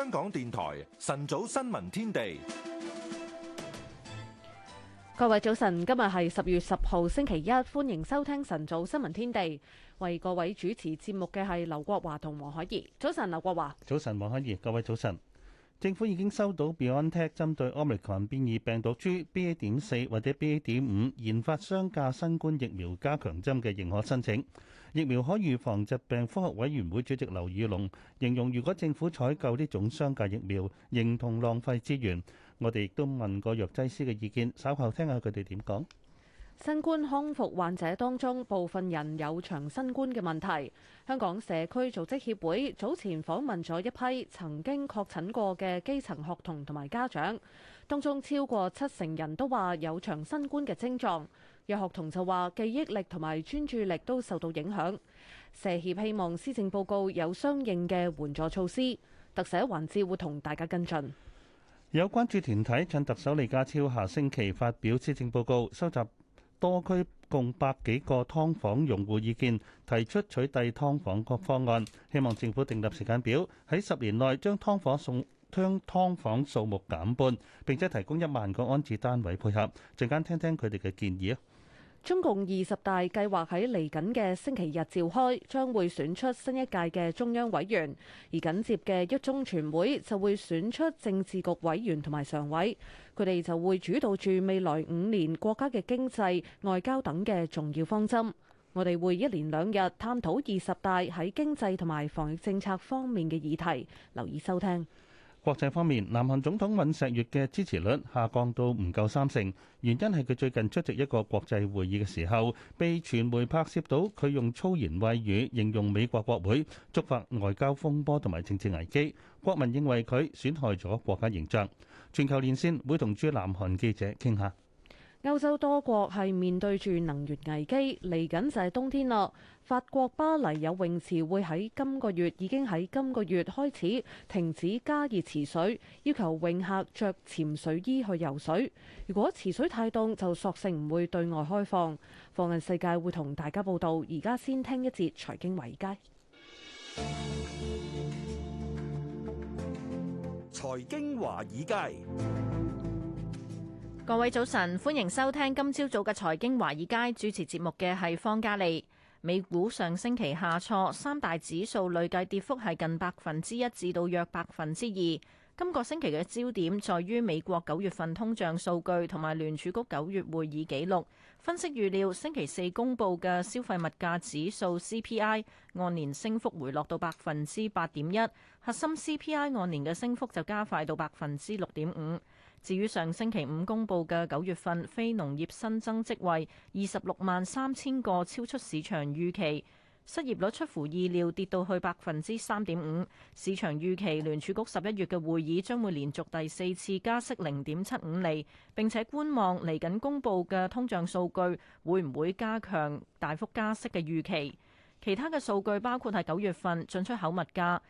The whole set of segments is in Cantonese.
香港電台晨早新聞天地，各位早晨，今日係十月十號星期一，歡迎收聽晨早新聞天地。為各位主持節目嘅係劉國華同黃海怡。早晨，劉國華。早晨，黃海怡。各位早晨。政府已經收到 BioNTech 針對 Omicron 變異病毒株 BA 點四或者 BA 點五研發雙價新冠疫苗加強針嘅認可申請。疫苗可預防疾病，科學委員會主席劉宇隆形容，如果政府採購呢種商界疫苗，認同浪費資源。我哋亦都問過藥劑師嘅意見，稍後聽下佢哋點講。新冠康復患者當中，部分人有長新冠嘅問題。香港社區組織協會早前訪問咗一批曾經確診過嘅基層學童同埋家長，當中超過七成人都話有長新冠嘅症狀。有學童就話記憶力同埋專注力都受到影響。社協希望施政報告有相應嘅援助措施。特寫環節會同大家跟進。有關注團體趁特首李家超下星期發表施政報告，收集多區共百幾個劏房用戶意見，提出取締劏房各方案，希望政府訂立時間表，喺十年內將劏房送將劏房數目減半，並且提供一萬個安置單位配合。陣間聽聽佢哋嘅建議啊！中共二十大計劃喺嚟緊嘅星期日召開，將會選出新一屆嘅中央委員，而緊接嘅一中全會就會選出政治局委員同埋常委，佢哋就會主導住未來五年國家嘅經濟、外交等嘅重要方針。我哋會一連兩日探討二十大喺經濟同埋防疫政策方面嘅議題，留意收聽。國際方面，南韓總統尹錫悅嘅支持率下降到唔夠三成，原因係佢最近出席一個國際會議嘅時候，被傳媒拍攝到佢用粗言穢語形容美國國會，觸發外交風波同埋政治危機。國民認為佢損害咗國家形象。全球連線會同駐南韓記者傾下。歐洲多國係面對住能源危機，嚟緊就係冬天啦。法國巴黎有泳池會喺今個月已經喺今個月開始停止加熱池水，要求泳客着潛水衣去游水。如果池水太凍，就索性唔會對外開放。放眼世界會同大家報道。而家先聽一節財經華爾街。財經華爾街。各位早晨，歡迎收聽今朝早嘅財經華爾街，主持節目嘅係方嘉莉。美股上星期下挫，三大指數累計跌幅係近百分之一至到約百分之二。今個星期嘅焦點在於美國九月份通脹數據同埋聯儲局九月會議紀錄。分析預料星期四公佈嘅消費物價指數 CPI 按年升幅回落到百分之八點一，核心 CPI 按年嘅升幅就加快到百分之六點五。至於上星期五公佈嘅九月份非農業新增職位二十六萬三千個，超出市場預期，失業率出乎意料跌到去百分之三點五。市場預期聯儲局十一月嘅會議將會連續第四次加息零點七五厘，並且觀望嚟緊公佈嘅通脹數據會唔會加強大幅加息嘅預期。其他嘅數據包括係九月份進出口物價、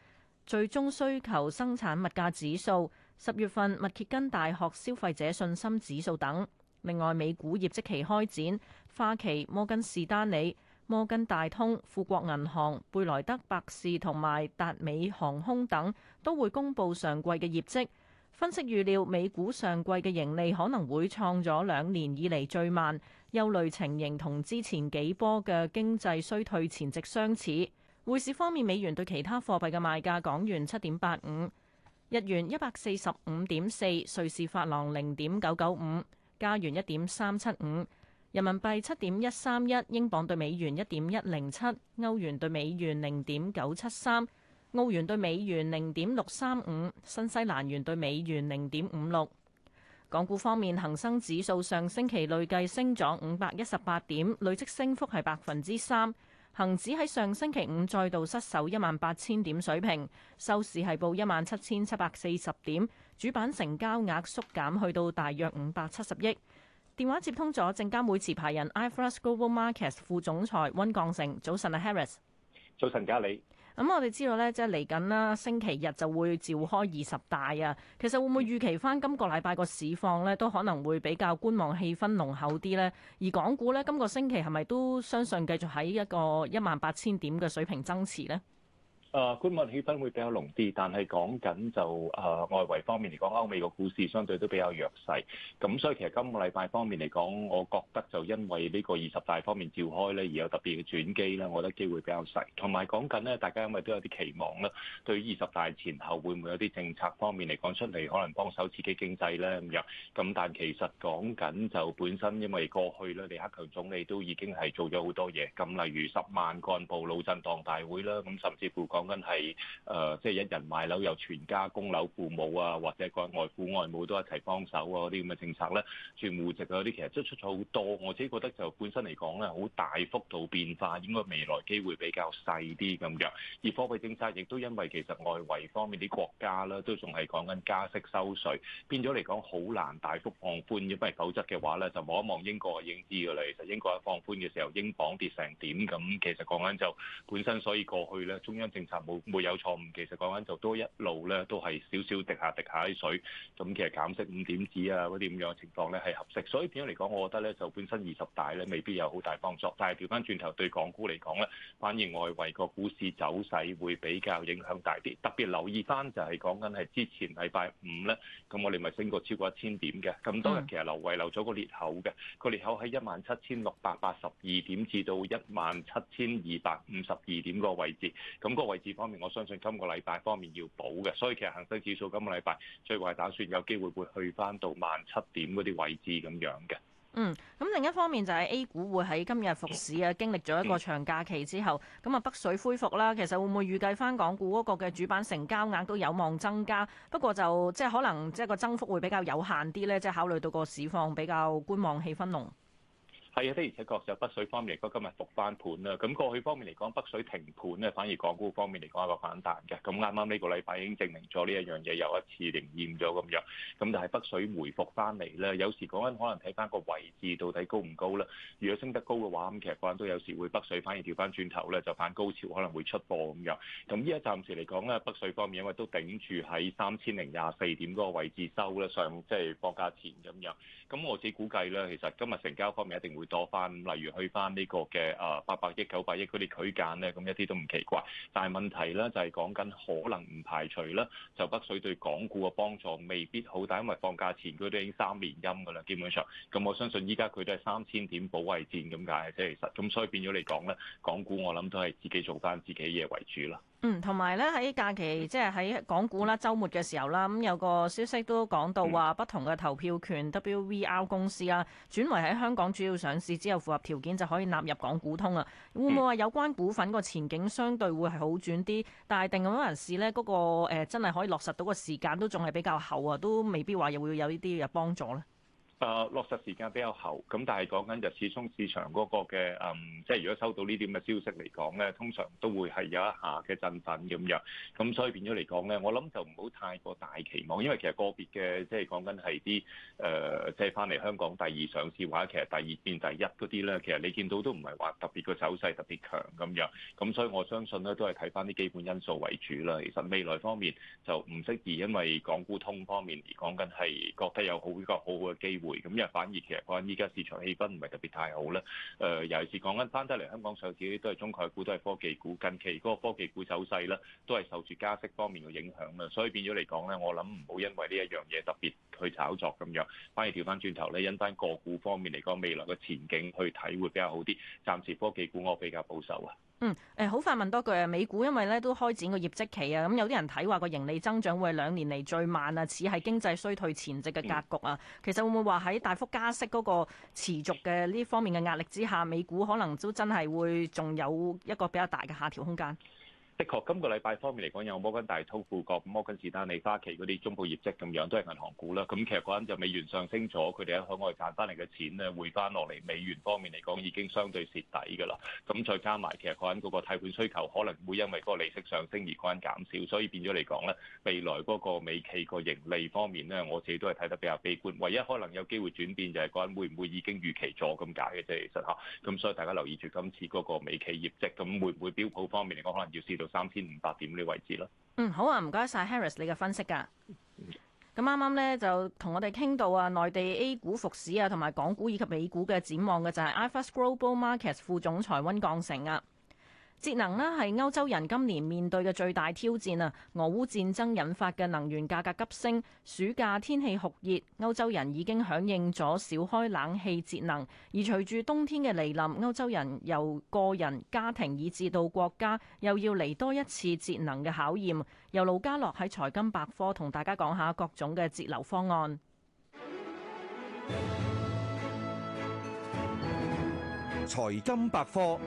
最終需求生產物價指數。十月份，密歇根大學消費者信心指數等，另外美股業績期開展，花旗、摩根士丹利、摩根大通、富國銀行、貝萊德、百事同埋達美航空等都會公布上季嘅業績。分析預料美股上季嘅盈利可能會創咗兩年以嚟最慢，憂慮情形同之前幾波嘅經濟衰退前夕相似。匯市方面，美元對其他貨幣嘅賣價港元七點八五。日元一百四十五點四，瑞士法郎零點九九五，加元一點三七五，人民幣七點一三一，英鎊對美元一點一零七，歐元對美元零點九七三，澳元對美元零點六三五，新西蘭元對美元零點五六。港股方面，恒生指數上星期累計升咗五百一十八點，累積升幅係百分之三。恒指喺上星期五再度失守一萬八千點水平，收市係報一萬七千七百四十點，主板成交額縮減去到大約五百七十億。電話接通咗證監會持牌人 IFRS Global Markets 副總裁温鋼成，早晨啊，Harris。早晨，嘉里。咁、嗯、我哋知道咧，即係嚟緊啦，星期日就會召開二十大啊。其實會唔會預期翻今個禮拜個市況咧，都可能會比較觀望氣氛濃厚啲呢。而港股咧，今個星期係咪都相信繼續喺一個一萬八千點嘅水平增持呢？誒觀望氣氛會比較濃啲，但係講緊就誒、呃、外圍方面嚟講，歐美個股市相對都比較弱勢，咁所以其實今個禮拜方面嚟講，我覺得就因為呢個二十大方面召開咧，而有特別嘅轉機啦，我覺得機會比較細，同埋講緊呢，大家因為都有啲期望啦，對於二十大前後會唔會有啲政策方面嚟講出嚟，可能幫手刺激經濟咧咁樣。咁但其實講緊就本身因為過去咧，李克強總理都已經係做咗好多嘢，咁例如十萬幹部腦震盪大會啦，咁甚至乎講緊係誒，即係一人買樓又全家供樓父母啊，或者個外父外母都一齊幫手啊，嗰啲咁嘅政策咧，全戶籍嗰啲其實即係出咗好多。我自己覺得就本身嚟講咧，好大幅度變化，應該未來機會比較細啲咁樣。而貨幣政策亦都因為其實外圍方面啲國家咧都仲係講緊加息收稅，變咗嚟講好難大幅放寬嘅。因為否則嘅話咧，就望一望英國就應知噶啦。其實英國喺放寬嘅時候，英鎊跌成點咁。其實講緊就本身所以過去咧，中央政。冇沒有錯誤，其實講緊就一都一路咧，都係少少滴下滴下啲水，咁其實減息五點子啊嗰啲咁樣嘅情況咧係合適，所以點樣嚟講，我覺得咧就本身二十大咧未必有好大幫助，但係調翻轉頭對港股嚟講咧，反而外圍個股市走勢會比較影響大啲，特別留意翻就係講緊係之前禮拜五咧，咁我哋咪升過超過一千點嘅，咁當日其實留位留咗個裂口嘅，個裂口喺一萬七千六百八十二點至到一萬七千二百五十二點位、個位置，咁個位方面，我相信今個禮拜方面要補嘅，所以其實恒生指數今個禮拜最壞打算有機會會去翻到萬七點嗰啲位置咁樣嘅。嗯，咁另一方面就係 A 股會喺今日復市啊，經歷咗一個長假期之後，咁啊、嗯、北水恢復啦。其實會唔會預計翻港股嗰個嘅主板成交額都有望增加？不過就即係可能即係個增幅會比較有限啲咧，即係考慮到個市況比較觀望，氣氛濃。係啊，的而且確就北水方面嚟講，今日復翻盤啦。咁過去方面嚟講，北水停盤咧，反而港股方面嚟講係一個反彈嘅。咁啱啱呢個禮拜已經證明咗呢一樣嘢，又一次靈驗咗咁樣。咁就係北水回復翻嚟咧，有時講緊可能睇翻個位置到底高唔高啦。如果升得高嘅話，咁其實講都有時會北水反而調翻轉頭咧，就反高潮可能會出貨咁樣。咁依家暫時嚟講咧，北水方面因為都頂住喺三千零廿四點嗰個位置收咧，上即係貨價前咁樣。咁我自己估計咧，其實今日成交方面一定會多翻。例如去翻呢個嘅啊八百億九百億嗰啲區間咧，咁一啲都唔奇怪。但係問題咧就係講緊可能唔排除啦，就北水對港股嘅幫助未必好大，但因為放假前佢都已經三連陰噶啦，基本上。咁我相信依家佢都係三千點保衛戰咁解啫。其實，咁所以變咗嚟講咧，港股我諗都係自己做翻自己嘢為主啦。嗯，同埋咧喺假期，即係喺港股啦，周末嘅時候啦，咁、嗯、有個消息都講到話，不同嘅投票權 WVR 公司啦、啊，轉為喺香港主要上市之後，符合條件就可以納入港股通啊。會唔會話有關股份個前景相對會係好轉啲？但係定咁多人士呢，嗰、嗰個、呃、真係可以落實到個時間都仲係比較厚啊，都未必話又會有呢啲嘅幫助咧。誒、啊、落實時間比較後，咁但係講緊就始終市場嗰個嘅誒、嗯，即係如果收到呢啲咁嘅消息嚟講咧，通常都會係有一下嘅振奮咁樣，咁所以變咗嚟講咧，我諗就唔好太過大期望，因為其實個別嘅即係講緊係啲誒即係翻嚟香港第二上市或者其實第二變第一嗰啲咧，其實你見到都唔係話特別個走勢特別強咁樣，咁所以我相信咧都係睇翻啲基本因素為主啦。其實未來方面就唔適宜因為港股通方面而講緊係覺得有好比較好好嘅機會。咁又反而其實講，依家市場氣氛唔係特別太好咧。誒、呃，尤其是講緊翻得嚟香港上市都係中概股，都係科技股。近期嗰個科技股走勢咧，都係受住加息方面嘅影響啊。所以變咗嚟講咧，我諗唔好因為呢一樣嘢特別去炒作咁樣，反而調翻轉頭咧，因翻個股方面嚟講未來嘅前景去睇會比較好啲。暫時科技股我比較保守啊。嗯，誒好快問多句啊，美股因為咧都開展個業績期啊，咁有啲人睇話個盈利增長會係兩年嚟最慢啊，似係經濟衰退前夕嘅格局啊。其實會唔會話喺大幅加息嗰個持續嘅呢方面嘅壓力之下，美股可能都真係會仲有一個比較大嘅下調空間？的確，今個禮拜方面嚟講，有摩根大通、富國、摩根士丹利、花旗嗰啲中報業績咁樣，都係銀行股啦。咁其實嗰陣就美元上升咗，佢哋喺海外賺翻嚟嘅錢咧，匯翻落嚟。美元方面嚟講，已經相對蝕底㗎啦。咁再加埋，其實嗰陣嗰個貸款需求可能會因為嗰個利息上升而嗰陣減少，所以變咗嚟講咧，未來嗰個美企個盈利方面咧，我自己都係睇得比較悲觀。唯一可能有機會轉變就係嗰陣會唔會已經預期咗咁解嘅啫。其實嚇，咁所以大家留意住今次嗰個美企業績，咁會唔會標普方面嚟講，可能要試到三千五百點呢個位置咯。嗯，好啊，唔該晒 Harris 你嘅分析㗎、啊。咁啱啱咧就同我哋傾到啊，內地 A 股復市啊，同埋港股以及美股嘅展望嘅就係 iFirst Global Markets 副總裁温鋼成啊。節能呢係歐洲人今年面對嘅最大挑戰啊！俄烏戰爭引發嘅能源價格急升，暑假天氣酷熱，歐洲人已經響應咗少開冷氣節能。而隨住冬天嘅來臨，歐洲人由個人、家庭以至到國家，又要嚟多一次節能嘅考驗。由盧家樂喺財金百科同大家講下各種嘅節流方案。財金百科。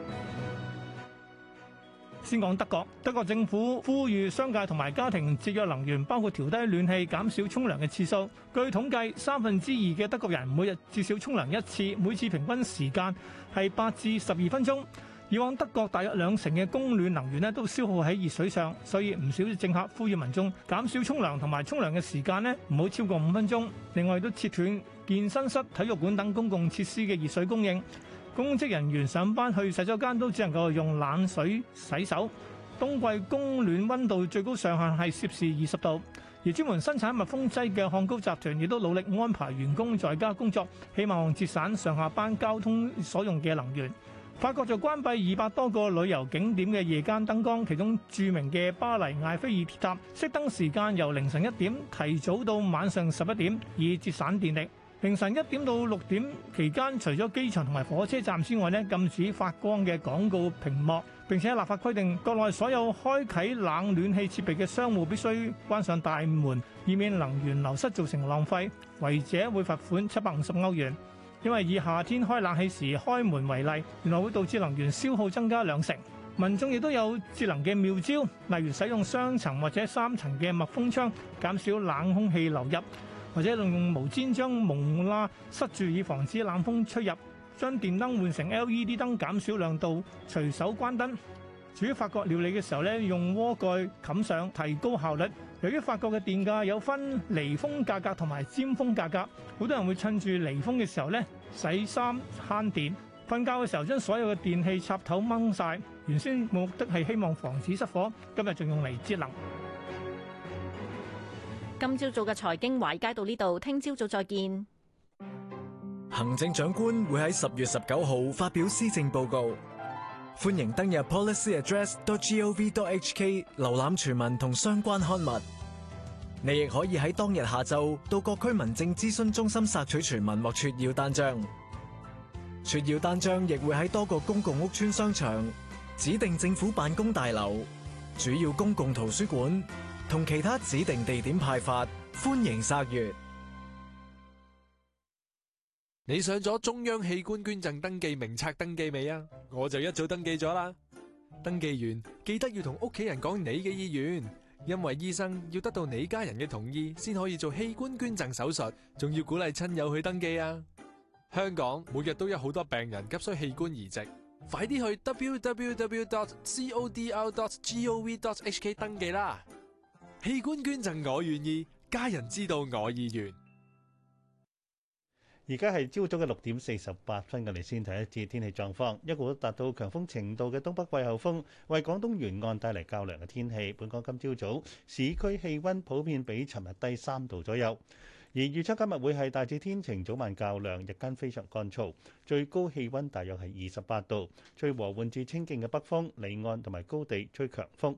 先講德國，德國政府呼籲商界同埋家庭節約能源，包括調低暖氣、減少沖涼嘅次數。據統計，三分之二嘅德國人每日至少沖涼一次，每次平均時間係八至十二分鐘。以往德國大約兩成嘅供暖能源呢都消耗喺熱水上，所以唔少政客呼籲民眾減少沖涼同埋沖涼嘅時間呢，唔好超過五分鐘。另外都切斷健身室、體育館等公共設施嘅熱水供應。公職人員上班去洗手間都只能夠用冷水洗手。冬季供暖溫度最高上限係攝氏二十度。而專門生產密封劑嘅漢高集團亦都努力安排員工在家工作，希望節省上下班交通所用嘅能源。法國就關閉二百多個旅遊景點嘅夜間燈光，其中著名嘅巴黎艾菲爾鐵塔熄燈時間由凌晨一點提早到晚上十一點，以節省電力。凌晨一點到六點期間，除咗機場同埋火車站之外，呢，禁止發光嘅廣告屏幕。並且立法規定，國內所有開啓冷暖氣設備嘅商戶必須關上大門，以免能源流失造成浪費，違者會罰款七百五十歐元。因為以夏天開冷氣時開門為例，原來會導致能源消耗增加兩成。民眾亦都有節能嘅妙招，例如使用雙層或者三層嘅密封窗，減少冷空氣流入。或者用毛氈將門罅塞，塞住，以防止冷風吹入。將電燈換成 LED 燈，減少亮度，隨手關燈。至於法國料理嘅時候咧，用鍋蓋冚上，提高效率。由於法國嘅電價有分離峰價格同埋尖峰價格，好多人會趁住離峰嘅時候咧洗衫慳電。瞓覺嘅時候將所有嘅電器插頭掹晒。原先目的係希望防止失火，今日仲用嚟節能。今朝早嘅財經華爾街到呢度，聽朝早再見。行政長官會喺十月十九號發表施政報告，歡迎登入 policyaddress.gov.hk 瀏覽全文同相關刊物。你亦可以喺當日下晝到各區民政諮詢中心索取全文或撮要單張。撮要單張亦會喺多個公共屋邨、商場、指定政府辦公大樓、主要公共圖書館同其他指定地點派發，歡迎殺月。你上咗中央器官捐贈登記名冊登記未啊？我就一早登記咗啦。登記完記得要同屋企人講你嘅意願，因為醫生要得到你家人嘅同意先可以做器官捐贈手術。仲要鼓勵親友去登記啊！香港每日都有好多病人急需器官移植，快啲去 w w w dot c o d r dot g o v dot h k 登記啦。器官捐贈我願意，家人知道我意願。而家係朝早嘅六點四十八分，我哋先睇一節天氣狀況。一股達到強風程度嘅東北季候風，為廣東沿岸帶嚟較涼嘅天氣。本港今朝早，早市區氣溫普遍比尋日低三度左右，而預測今日會係大致天晴，早晚較涼，日間非常乾燥，最高氣溫大約係二十八度。吹和緩至清勁嘅北風，離岸同埋高地吹強風。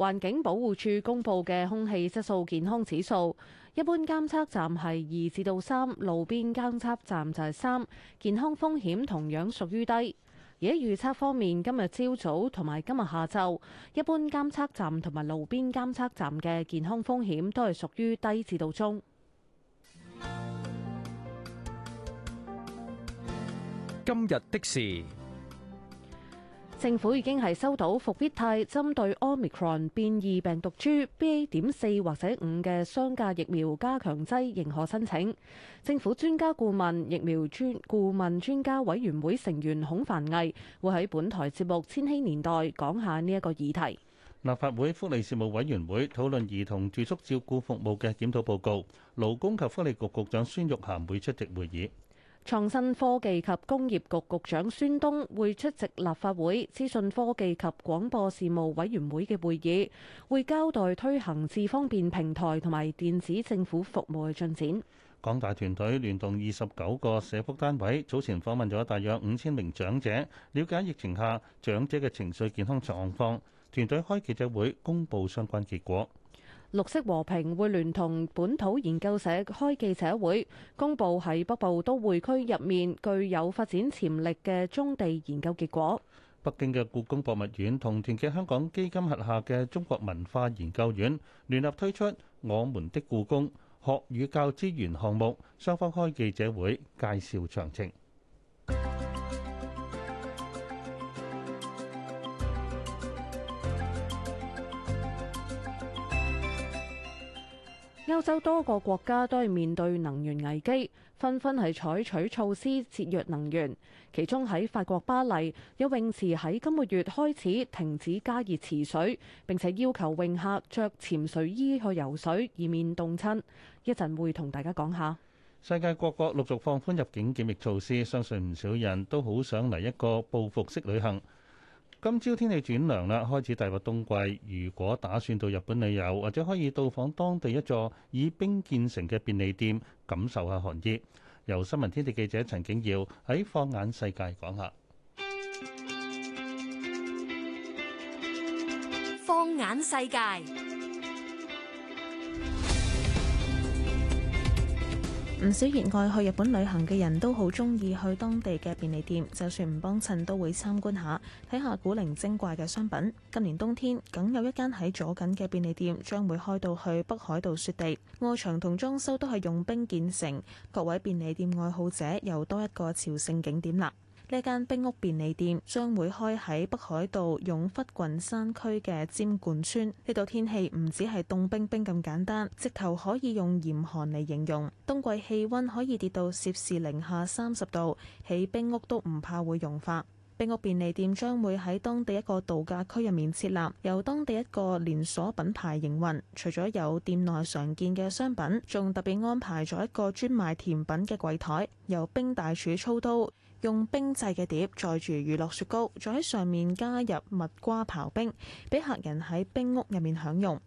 環境保護署公布嘅空氣質素健康指數，一般監測站係二至到三，路邊監測站就係三，健康風險同樣屬於低。而喺預測方面，今日朝早同埋今日下晝，一般監測站同埋路邊監測站嘅健康風險都係屬於低至到中。今日的事。政府已經係收到復必泰針對 Omicron 變異病毒株 BA. 點四或者五嘅雙價疫苗加強劑認可申請。政府專家顧問疫苗專顧問專家委員會成員孔繁毅會喺本台節目《千禧年代》講下呢一個議題。立法會福利事務委員會討論兒童住宿照顧服務嘅檢討報告，勞工及福利局局長孫玉菡會出席會議。創新科技及工業局局長孫東會出席立法會資訊科技及廣播事務委員會嘅會議，會交代推行智方便平台同埋電子政府服務嘅進展。港大團隊聯動二十九個社福單位，早前訪問咗大約五千名長者，了解疫情下長者嘅情緒健康狀況。團隊開記者會公布相關結果。綠色和平會聯同本土研究社開記者會，公布喺北部都會區入面具有發展潛力嘅棕地研究結果。北京嘅故宮博物院同團結香港基金轄下嘅中國文化研究院聯合推出《我們的故宮》學與教資源項目，雙方開記者會介紹詳情。歐洲多個國家都係面對能源危機，紛紛係採取措施節約能源。其中喺法國巴黎，有泳池喺今個月開始停止加熱池水，並且要求泳客着潛水衣去游水，以免凍親。一陣會同大家講下。世界各國陸續放寬入境檢疫措施，相信唔少人都好想嚟一個報復式旅行。今朝天氣轉涼啦，開始踏入冬季。如果打算到日本旅遊，或者可以到訪當地一座以冰建成嘅便利店，感受下寒意。由新聞天地記者陳景耀喺《放眼世界》講下《放眼世界》。唔少熱愛去日本旅行嘅人都好中意去當地嘅便利店，就算唔幫襯都會參觀下，睇下古靈精怪嘅商品。今年冬天，梗有一間喺左近嘅便利店將會開到去北海道雪地，外牆同裝修都係用冰建成，各位便利店愛好者又多一個朝聖景點啦。呢間冰屋便利店將會開喺北海道湧福郡山區嘅尖冠村。呢度天氣唔止係凍冰冰咁簡單，直頭可以用嚴寒嚟形容。冬季氣温可以跌到攝氏零下三十度，起冰屋都唔怕會融化。冰屋便利店將會喺當地一個度假區入面設立，由當地一個連鎖品牌營運。除咗有店內常見嘅商品，仲特別安排咗一個專賣甜品嘅櫃台，由冰大廚操刀。用冰製嘅碟載住娛樂雪糕，再喺上面加入蜜瓜刨冰，俾客人喺冰屋入面享用。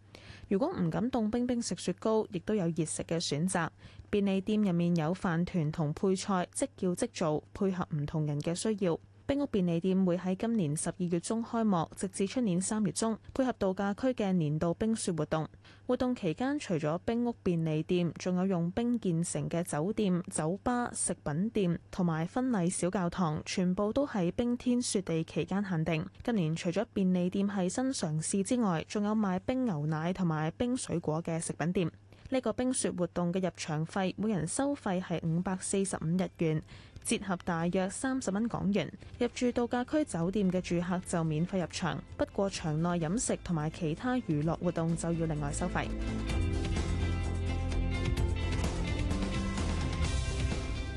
如果唔敢凍冰冰食雪糕，亦都有熱食嘅選擇。便利店入面有飯團同配菜，即叫即做，配合唔同人嘅需要。冰屋便利店會喺今年十二月中開幕，直至出年三月中，配合度假區嘅年度冰雪活動。活動期間，除咗冰屋便利店，仲有用冰建成嘅酒店、酒吧、食品店同埋婚禮小教堂，全部都喺冰天雪地期間限定。今年除咗便利店係新嘗試之外，仲有賣冰牛奶同埋冰水果嘅食品店。呢個冰雪活動嘅入場費，每人收費係五百四十五日元。折合大約三十蚊港元入住度假區酒店嘅住客就免費入場，不過場內飲食同埋其他娛樂活動就要另外收費。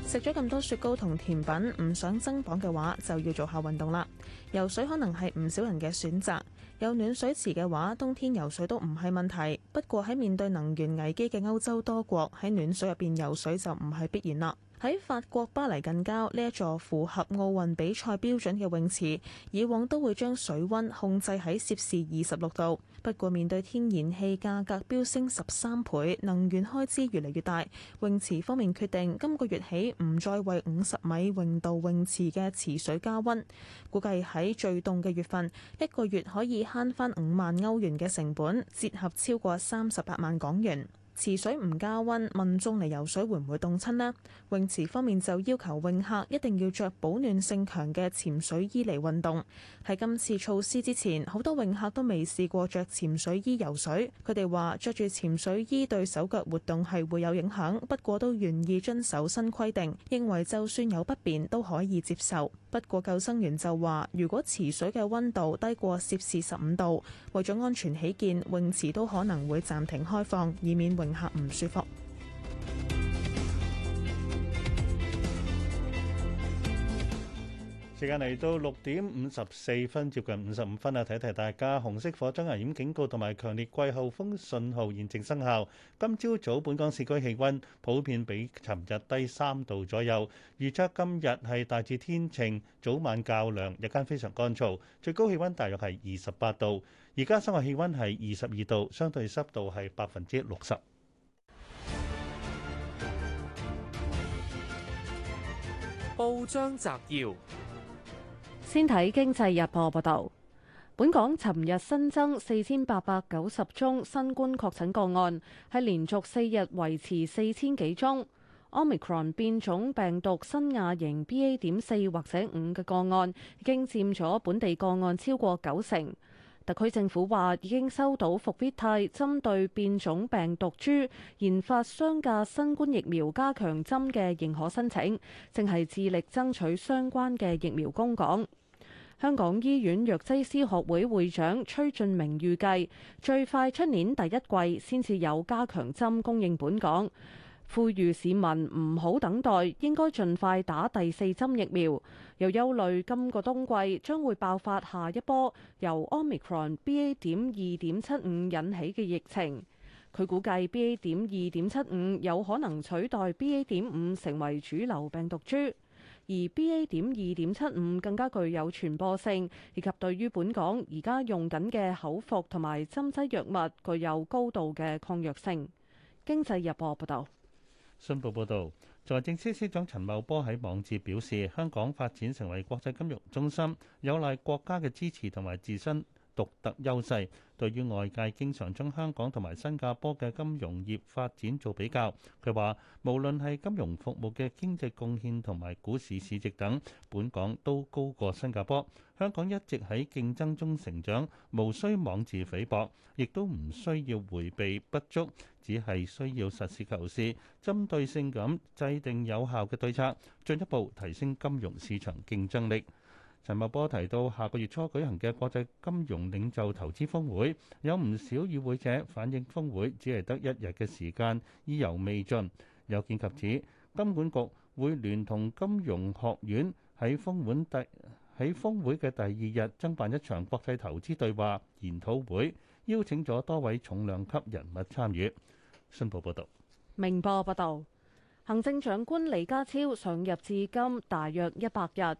食咗咁多雪糕同甜品，唔想增磅嘅話，就要做下運動啦。游水可能係唔少人嘅選擇，有暖水池嘅話，冬天游水都唔係問題。不過喺面對能源危機嘅歐洲多國，喺暖水入邊游水就唔係必然啦。喺法國巴黎近郊呢一座符合奧運比賽標準嘅泳池，以往都會將水温控制喺攝氏二十六度。不過面對天然氣價格飆升十三倍，能源開支越嚟越大，泳池方面決定今個月起唔再為五十米泳道泳池嘅池水加温。估計喺最凍嘅月份，一個月可以慳返五萬歐元嘅成本，折合超過三十八萬港元。池水唔加温，民眾嚟游水會唔會凍親呢？泳池方面就要求泳客一定要着保暖性強嘅潛水衣嚟運動。喺今次措施之前，好多泳客都未試過着潛水衣游水。佢哋話着住潛水衣對手腳活動係會有影響，不過都願意遵守新規定，認為就算有不便都可以接受。不過救生員就話，如果池水嘅溫度低過攝氏十五度，為咗安全起見，泳池都可能會暫停開放，以免泳客唔舒服。時間嚟到六點五十四分，接近五十五分啦。提提大家，紅色火災危險警告同埋強烈季候風信號現正生效。今朝早，早，本港市區氣溫普遍比尋日低三度左右。預測今日係大致天晴，早晚較涼，日間非常乾燥，最高氣溫大約係二十八度。而家室外氣溫係二十二度，相對濕度係百分之六十。報章摘要。先睇《經濟日報》報導，本港尋日新增四千八百九十宗新冠確診個案，係連續四日維持四千幾宗。Omicron 變種病毒新亞型 BA 點四或者五嘅個案，已經佔咗本地個案超過九成。特區政府話已經收到復必泰針對變種病毒株研發商嘅新冠疫苗加強針嘅認可申請，正係致力爭取相關嘅疫苗供港。香港醫院藥劑師學會會長崔俊明預計最快出年第一季先至有加強針供應本港。呼籲市民唔好等待，應該盡快打第四針疫苗。又憂慮今個冬季將會爆發下一波由 Omicron BA.2.75 引起嘅疫情。佢估計 BA.2.75 有可能取代 BA.5 成為主流病毒株，而 BA.2.75 更加具有傳播性，以及對於本港而家用緊嘅口服同埋針劑藥物具有高度嘅抗藥性。經濟日報報道。信報報導，財政司司長陳茂波喺網誌表示，香港發展成為國際金融中心，有賴國家嘅支持同埋自身獨特優勢，對於外界經常將香港同埋新加坡嘅金融業發展做比較，佢話無論係金融服務嘅經濟貢獻同埋股市市值等，本港都高過新加坡。香港一直喺競爭中成長，無需妄自菲薄，亦都唔需要迴避不足，只係需要實事求是、針對性咁制定有效嘅對策，進一步提升金融市場競爭力。陳茂波提到，下個月初舉行嘅國際金融領袖投資峰會，有唔少與會者反映，峰會只係得一日嘅時間，意猶未盡。有見及此，金管局會聯同金融學院喺峰會第喺峯會嘅第二日，增辦一場國際投資對話研討會，邀請咗多位重量級人物參與。新報報道：明明報報道，行政長官李家超上任至今大約一百日。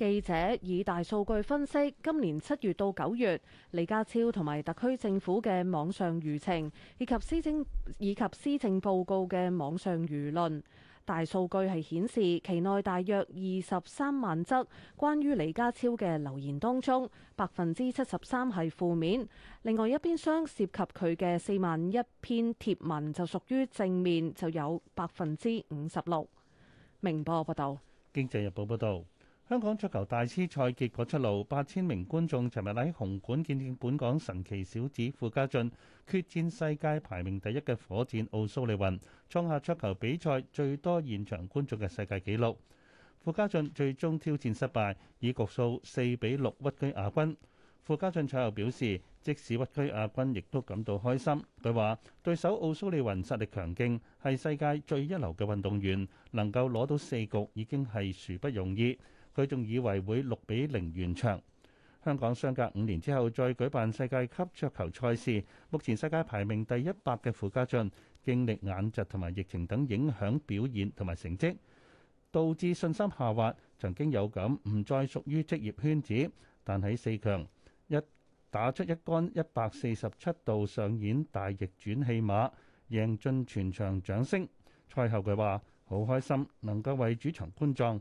記者以大數據分析今年七月到九月，李家超同埋特區政府嘅網上輿情，以及施政以及施政報告嘅網上輿論。大數據係顯示，期內大約二十三萬則關於李家超嘅留言當中，百分之七十三係負面；另外一邊廂涉及佢嘅四萬一篇貼文就屬於正面，就有百分之五十六。明報報道。《經濟日報》報道。香港桌球大師賽結果出爐，八千名觀眾尋日喺紅館見證本港神奇小子傅家俊決戰世界排名第一嘅火箭奧蘇利雲，創下桌球比賽最多現場觀眾嘅世界紀錄。傅家俊最終挑戰失敗，以局數四比六屈居亞軍。傅家俊賽後表示，即使屈居亞軍，亦都感到開心。佢話：對手奧蘇利雲實力強勁，係世界最一流嘅運動員，能夠攞到四局已經係殊不容易。佢仲以為會六比零完場。香港相隔五年之後再舉辦世界級桌球賽事。目前世界排名第一百嘅傅家俊，經歷眼疾同埋疫情等影響表現同埋成績，導致信心下滑。曾經有感唔再屬於職業圈子，但喺四強一打出一杆一百四十七度上演大逆轉戲碼，贏盡全場掌聲。賽後佢話：好開心，能夠為主場觀眾。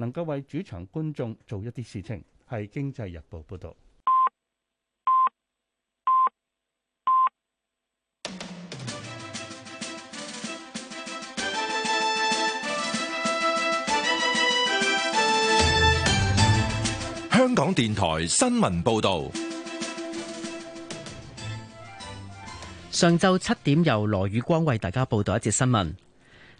能夠為主場觀眾做一啲事情，係《經濟日報》報道。香港電台新聞報道，上晝七點由羅宇光為大家報道一節新聞。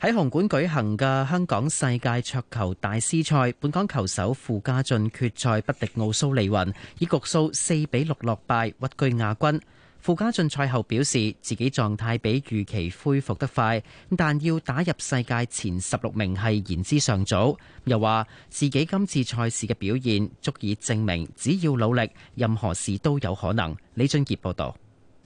喺紅館舉行嘅香港世界桌球大師賽，本港球手傅家俊決賽不敵奧蘇利雲，以局數四比六落敗屈居亞軍。傅家俊賽後表示，自己狀態比預期恢復得快，但要打入世界前十六名係言之尚早。又話自己今次賽事嘅表現足以證明，只要努力，任何事都有可能。李俊傑報道。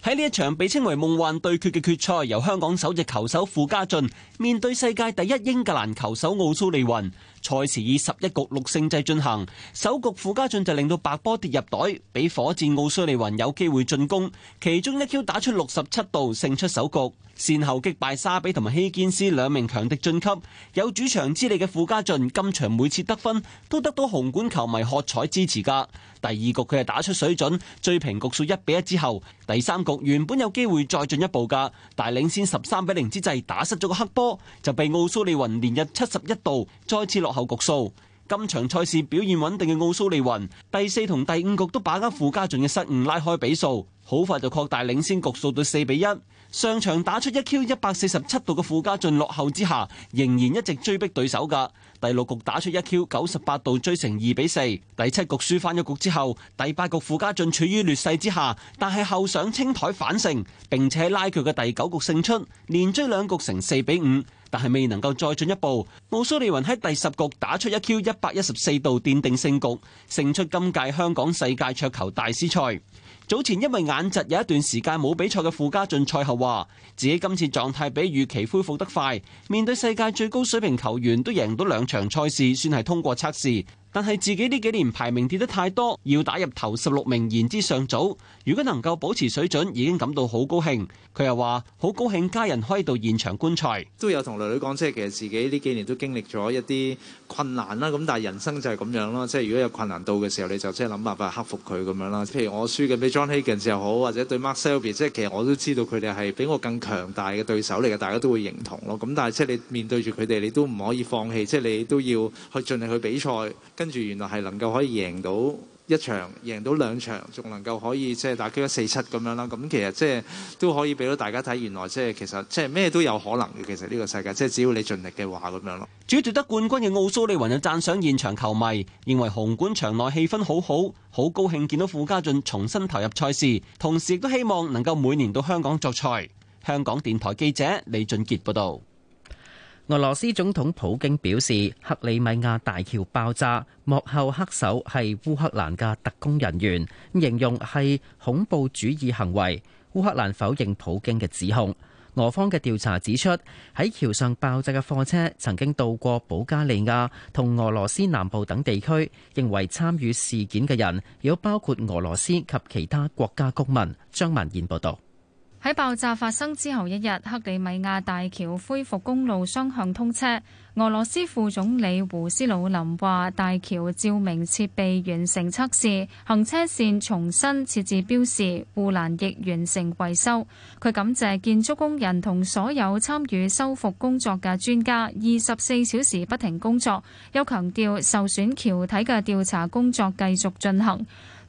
喺呢一場被稱為夢幻對決嘅決賽，由香港首席球手傅家俊面對世界第一英格蘭球手奧蘇利雲，賽事以十一局六勝制進行。首局傅家俊就令到白波跌入袋，俾火箭奧蘇利雲有機會進攻，其中一招打出六十七度，勝出首局。.先後擊敗沙比同埋希堅斯兩名強敵晉級，有主場之利嘅傅家俊今場每次得分都得到紅館球迷喝彩支持噶。第二局佢係打出水準，追平局數一比一之後，第三局原本有機會再進一步噶，但領先十三比零之際打失咗個黑波，就被奧蘇利雲連日七十一度再次落後局數。今場賽事表現穩定嘅奧蘇利雲，第四同第五局都把握傅家俊嘅失誤拉開比數，好快就擴大領先局數到四比一。上場打出一 Q 一百四十七度嘅傅家俊落後之下，仍然一直追逼對手㗎。第六局打出一 Q 九十八度追成二比四，第七局輸翻一局之後，第八局傅家俊處於劣勢之下，但係後上清台反勝，並且拉佢嘅第九局勝出，連追兩局成四比五，但係未能夠再進一步。奧蘇利雲喺第十局打出一 Q 一百一十四度奠定勝局，勝出今屆香港世界桌球大師賽。早前因為眼疾有一段時間冇比賽嘅傅家俊賽後話，自己今次狀態比預期恢復得快，面對世界最高水平球員都贏到兩場賽事，算係通過測試。但係自己呢幾年排名跌得太多，要打入頭十六名言之尚早。如果能夠保持水準，已經感到好高興。佢又話：好高興家人可以到現場觀賽。都有同女女講，即係其實自己呢幾年都經歷咗一啲困難啦。咁但係人生就係咁樣咯，即係如果有困難到嘅時候，你就即係諗辦法克服佢咁樣啦。譬如我輸緊俾 John Higgins 又好，或者對 Mark Selby，即係其實我都知道佢哋係比我更強大嘅對手嚟嘅，大家都會認同咯。咁但係即係你面對住佢哋，你都唔可以放棄，即係你都要去盡力去比賽。跟住原來係能夠可以贏到一場，贏到兩場，仲能夠可以即係打 Q 一四七咁樣啦。咁其實即係都可以俾到大家睇，原來即係其實即係咩都有可能嘅。其實呢個世界即係只要你盡力嘅話咁樣咯。至於奪得冠軍嘅奧蘇利雲又讚賞現場球迷，認為紅館場內氣氛好好，好高興見到傅家俊重新投入賽事，同時亦都希望能夠每年到香港作賽。香港電台記者李俊傑報道。俄羅斯總統普京表示，克里米亞大橋爆炸幕後黑手係烏克蘭嘅特工人員，形容係恐怖主義行為。烏克蘭否認普京嘅指控。俄方嘅調查指出，喺橋上爆炸嘅貨車曾經到過保加利亞同俄羅斯南部等地區，認為參與事件嘅人有包括俄羅斯及其他國家公民。張文燕報道。喺爆炸發生之後一日，克里米亞大橋恢復公路雙向通車。俄羅斯副總理胡斯魯林話：大橋照明設備完成測試，行車線重新設置標示，護欄亦完成維修。佢感謝建築工人同所有參與修復工作嘅專家二十四小時不停工作，又強調受損橋體嘅調查工作繼續進行。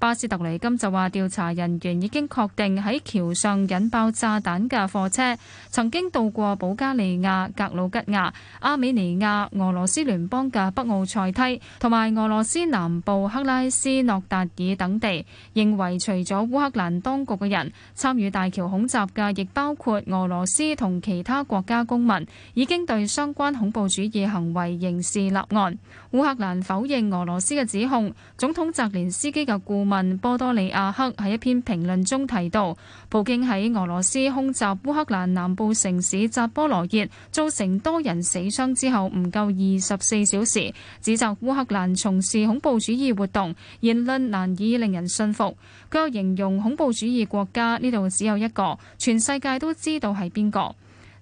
巴斯特尼金就話：調查人員已經確定喺橋上引爆炸彈嘅貨車曾經到過保加利亞、格魯吉亞、阿美尼亞、俄羅斯聯邦嘅北奧塞梯同埋俄羅斯南部克拉斯諾達爾等地，認為除咗烏克蘭當局嘅人參與大橋恐襲嘅，亦包括俄羅斯同其他國家公民，已經對相關恐怖主義行為刑事立案。烏克蘭否認俄羅斯嘅指控。總統澤連斯基嘅顧問波多利亞克喺一篇評論中提到，普京喺俄羅斯空襲烏克蘭南部城市扎波羅熱，造成多人死傷之後，唔夠二十四小時，指責烏克蘭從事恐怖主義活動，言論難以令人信服。佢又形容恐怖主義國家呢度只有一個，全世界都知道係邊個。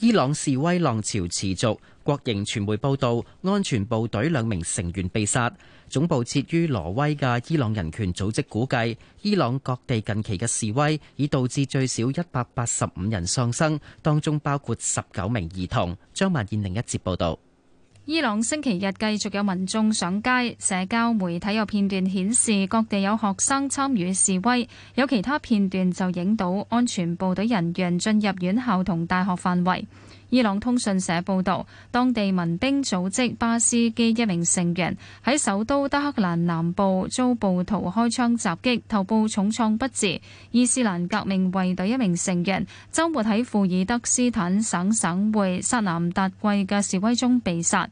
伊朗示威浪潮持續，國營傳媒報道安全部隊兩名成員被殺。總部設於挪威嘅伊朗人權組織估計，伊朗各地近期嘅示威已導致最少一百八十五人喪生，當中包括十九名兒童。張曼燕另一節報道。伊朗星期日繼續有民眾上街，社交媒體有片段顯示各地有學生參與示威，有其他片段就影到安全部隊人員進入院校同大學範圍。伊朗通信社報道，當地民兵組織巴斯基一名成員喺首都德黑蘭南部遭暴徒開槍襲擊，頭部重創不治。伊斯蘭革命衛隊一名成員周末喺庫爾德斯坦省省,省會薩南達季嘅示威中被殺。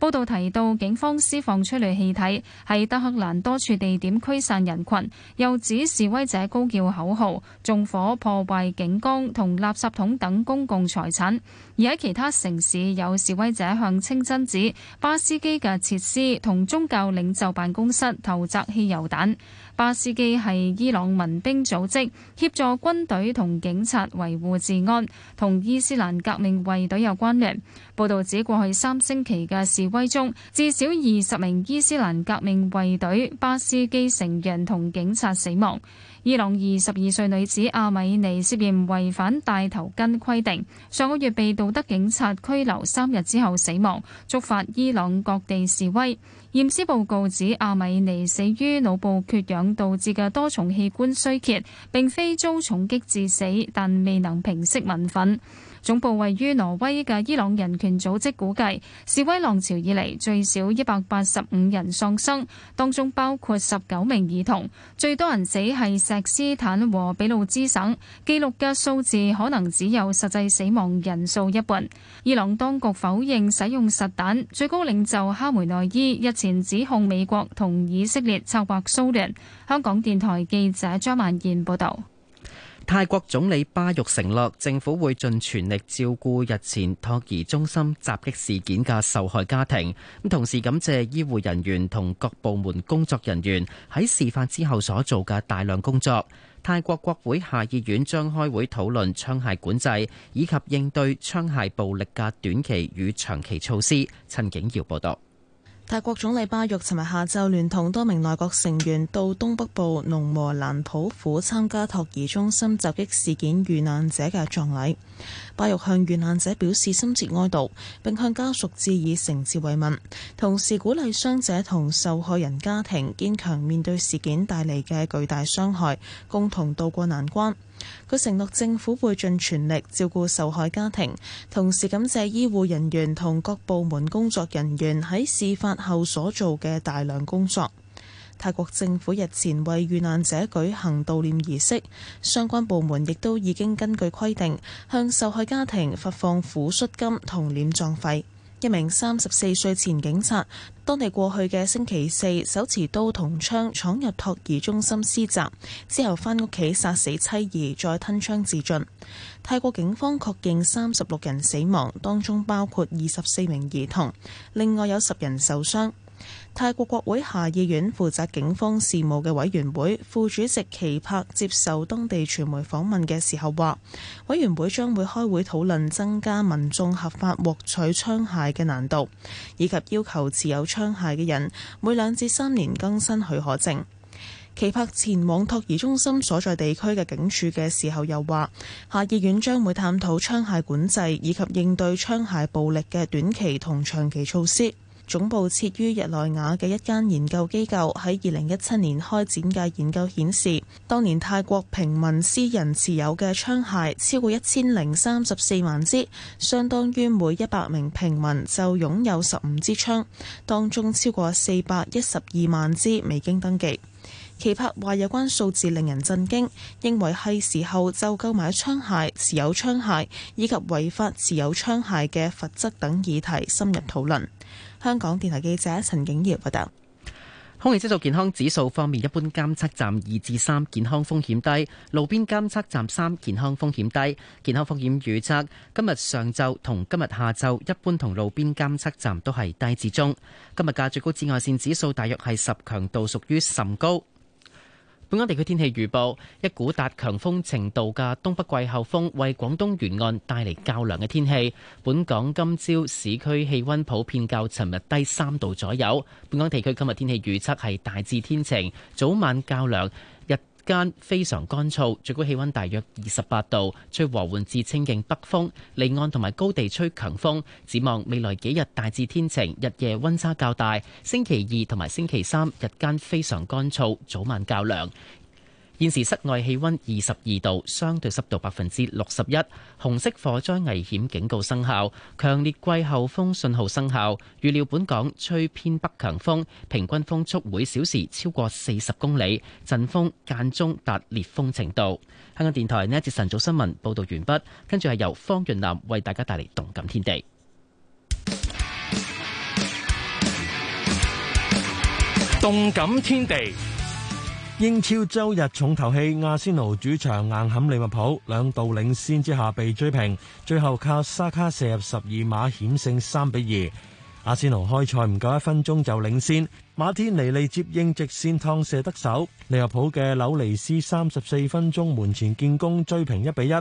報道提到，警方施放催淚氣體，喺德克蘭多處地點驅散人群，又指示威者高叫口號、縱火、破壞警崗同垃圾桶等公共財產。而喺其他城市，有示威者向清真寺、巴斯基嘅設施同宗教領袖辦公室投擲汽油彈。巴斯基係伊朗民兵組織，協助軍隊同警察維護治安，同伊斯蘭革命衛隊有關聯。報道指過去三星期嘅示威中，至少二十名伊斯蘭革命衛隊巴斯基成員同警察死亡。伊朗二十二歲女子阿米尼涉嫌違反戴頭巾規定，上個月被道德警察拘留三日之後死亡，觸發伊朗各地示威。驗屍報告指阿米尼死於腦部缺氧導致嘅多重器官衰竭，並非遭重擊致死，但未能平息民憤。總部位於挪威嘅伊朗人權組織估計，示威浪潮以嚟最少一百八十五人喪生，當中包括十九名兒童。最多人死係錫斯坦和俾路支省，記錄嘅數字可能只有實際死亡人數一半。伊朗當局否認使用實彈，最高領袖哈梅內伊日前指控美國同以色列策劃蘇聯。香港電台記者張曼燕報導。泰國總理巴育承諾，政府會盡全力照顧日前托兒中心襲擊事件嘅受害家庭。咁同時感謝醫護人員同各部門工作人員喺事發之後所做嘅大量工作。泰國國會下議院將開會討論槍械管制以及應對槍械暴力嘅短期與長期措施。陳景瑤報道。泰國總理巴育尋日下晝聯同多名內閣成員到東北部農磨蘭普府參加托兒中心襲擊事件遇難者嘅葬禮。巴育向遇難者表示深切哀悼，並向家屬致以誠摯慰問，同時鼓勵傷者同受害人家庭堅強面對事件帶嚟嘅巨大傷害，共同渡過難關。佢承諾政府會盡全力照顧受害家庭，同時感謝醫護人員同各部門工作人員喺事發後所做嘅大量工作。泰國政府日前為遇難者舉行悼念儀式，相關部門亦都已經根據規定向受害家庭發放撫恤金同殮葬費。一名三十四歲前警察當地過去嘅星期四，手持刀同槍闖入托兒中心施襲，之後返屋企殺死妻兒，再吞槍自盡。泰國警方確認三十六人死亡，當中包括二十四名兒童，另外有十人受傷。泰國國會下議院負責警方事務嘅委員會副主席奇柏接受當地傳媒訪問嘅時候話，委員會將會開會討論增加民眾合法獲取槍械嘅難度，以及要求持有槍械嘅人每兩至三年更新許可證。奇柏前往托兒中心所在地區嘅警署嘅時候又話，下議院將會探討槍械管制以及應對槍械暴力嘅短期同長期措施。總部設於日內瓦嘅一間研究機構喺二零一七年開展嘅研究顯示，當年泰國平民私人持有嘅槍械超過一千零三十四萬支，相當於每一百名平民就擁有十五支槍，當中超過四百一十二萬支未經登記。奇柏話：有關數字令人震驚，認為係時候就購買槍械、持有槍械以及違法持有槍械嘅罰則等議題深入討論。香港電台記者陳景業報道。空氣質素健康指數方面，一般監測站二至三，健康風險低；路邊監測站三，健康風險低。健康風險預測今日上晝同今日下晝，一般同路邊監測站都係低至中。今日嘅最高紫外線指數大約係十，強度屬於甚高。本港地區天氣預報：一股達強風程度嘅東北季候風為廣東沿岸帶嚟較涼嘅天氣。本港今朝市區氣溫普遍較尋日低三度左右。本港地區今日天氣預測係大致天晴，早晚較涼。間非常乾燥，最高氣溫大約二十八度，吹和緩至清勁北風，離岸同埋高地吹強風。展望未來幾日大致天晴，日夜溫差較大。星期二同埋星期三，日間非常乾燥，早晚較涼。現時室外氣溫二十二度，相對濕度百分之六十一，紅色火災危險警告生效，強烈季候風信號生效。預料本港吹偏北強風，平均風速每小時超過四十公里，陣風間中達烈風程度。香港電台呢一節晨早新聞報道完畢，跟住係由方潤南為大家帶嚟動感天地。動感天地。英超周日重頭戲，阿仙奴主場硬撼利物浦，兩度領先之下被追平，最後靠沙卡射入十二碼險勝三比二。阿仙奴開賽唔夠一分鐘就領先，馬天尼利接應直線趟射得手。利物浦嘅紐尼斯三十四分鐘門前建功追平一比一。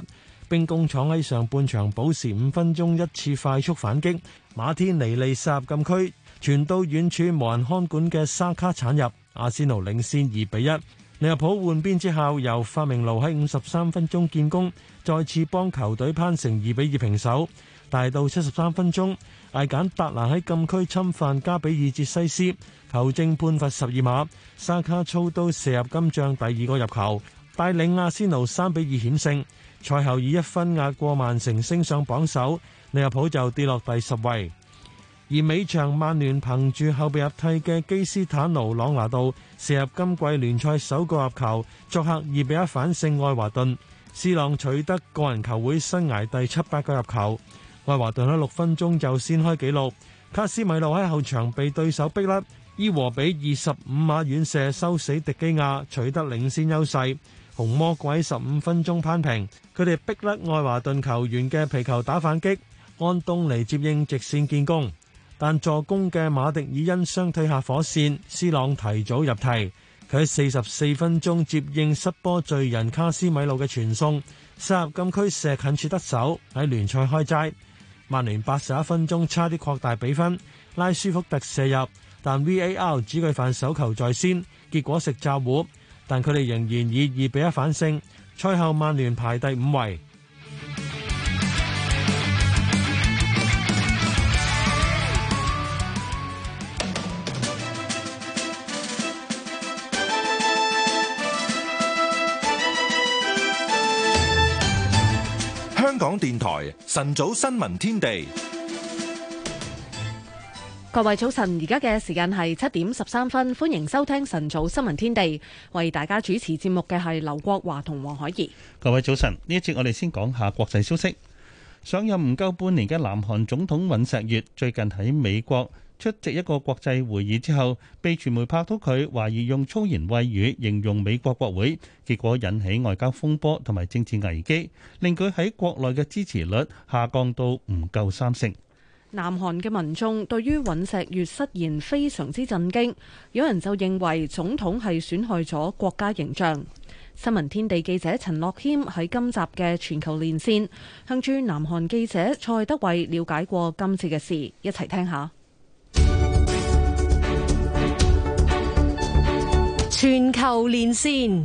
兵工廠喺上半場補時五分鐘一次快速反擊，馬天尼利射入禁區，傳到遠處無人看管嘅沙卡鏟入。阿仙奴領先二比一，利物浦換邊之後，由發明路喺五十三分鐘建功，再次幫球隊攀成二比二平手。大到七十三分鐘，艾簡達拿喺禁區侵犯加比爾哲西斯，球證判罰十二碼，沙卡操刀射入今場第二個入球，帶領阿仙奴三比二險勝。賽後以一分壓過曼城，升上榜首。利物浦就跌落第十位。而尾場，曼聯憑住後備入替嘅基斯坦奴·朗拿度射入今季聯賽首個入球，作客二比一反勝愛華頓。C 朗取得個人球會生涯第七百個入球。愛華頓喺六分鐘就先開紀錄，卡斯米魯喺後場被對手逼甩，伊和比二十五碼遠射收死迪基亞，取得領先優勢。紅魔鬼十五分鐘扳平，佢哋逼甩愛華頓球員嘅皮球打反擊，安東尼接應直線建功。但助攻嘅馬迪爾因傷退下火線，斯朗提早入替。佢喺四十四分鐘接應失波罪人卡斯米路嘅傳送，殺入禁區射近切得手，喺聯賽開齋。曼聯八十一分鐘差啲擴大比分，拉舒福特射入，但 VAR 指佢犯手球在先，結果食炸糊。但佢哋仍然以二比一反勝，賽後曼聯排第五位。港電台晨早新聞天地，各位早晨，而家嘅時間係七點十三分，歡迎收聽晨早新聞天地，為大家主持節目嘅係劉國華同黃海怡。各位早晨，呢一節我哋先講下國際消息，上任唔夠半年嘅南韓總統尹錫悅最近喺美國。出席一個國際會議之後，被傳媒拍到佢懷疑用粗言穢語形容美國國會，結果引起外交風波同埋政治危機，令佢喺國內嘅支持率下降到唔夠三成。南韓嘅民眾對於尹錫悅失言非常之震驚，有人就認為總統係損害咗國家形象。新聞天地記者陳樂謙喺今集嘅全球連線，向駐南韓記者蔡德偉了解過今次嘅事，一齊聽下。全球連線，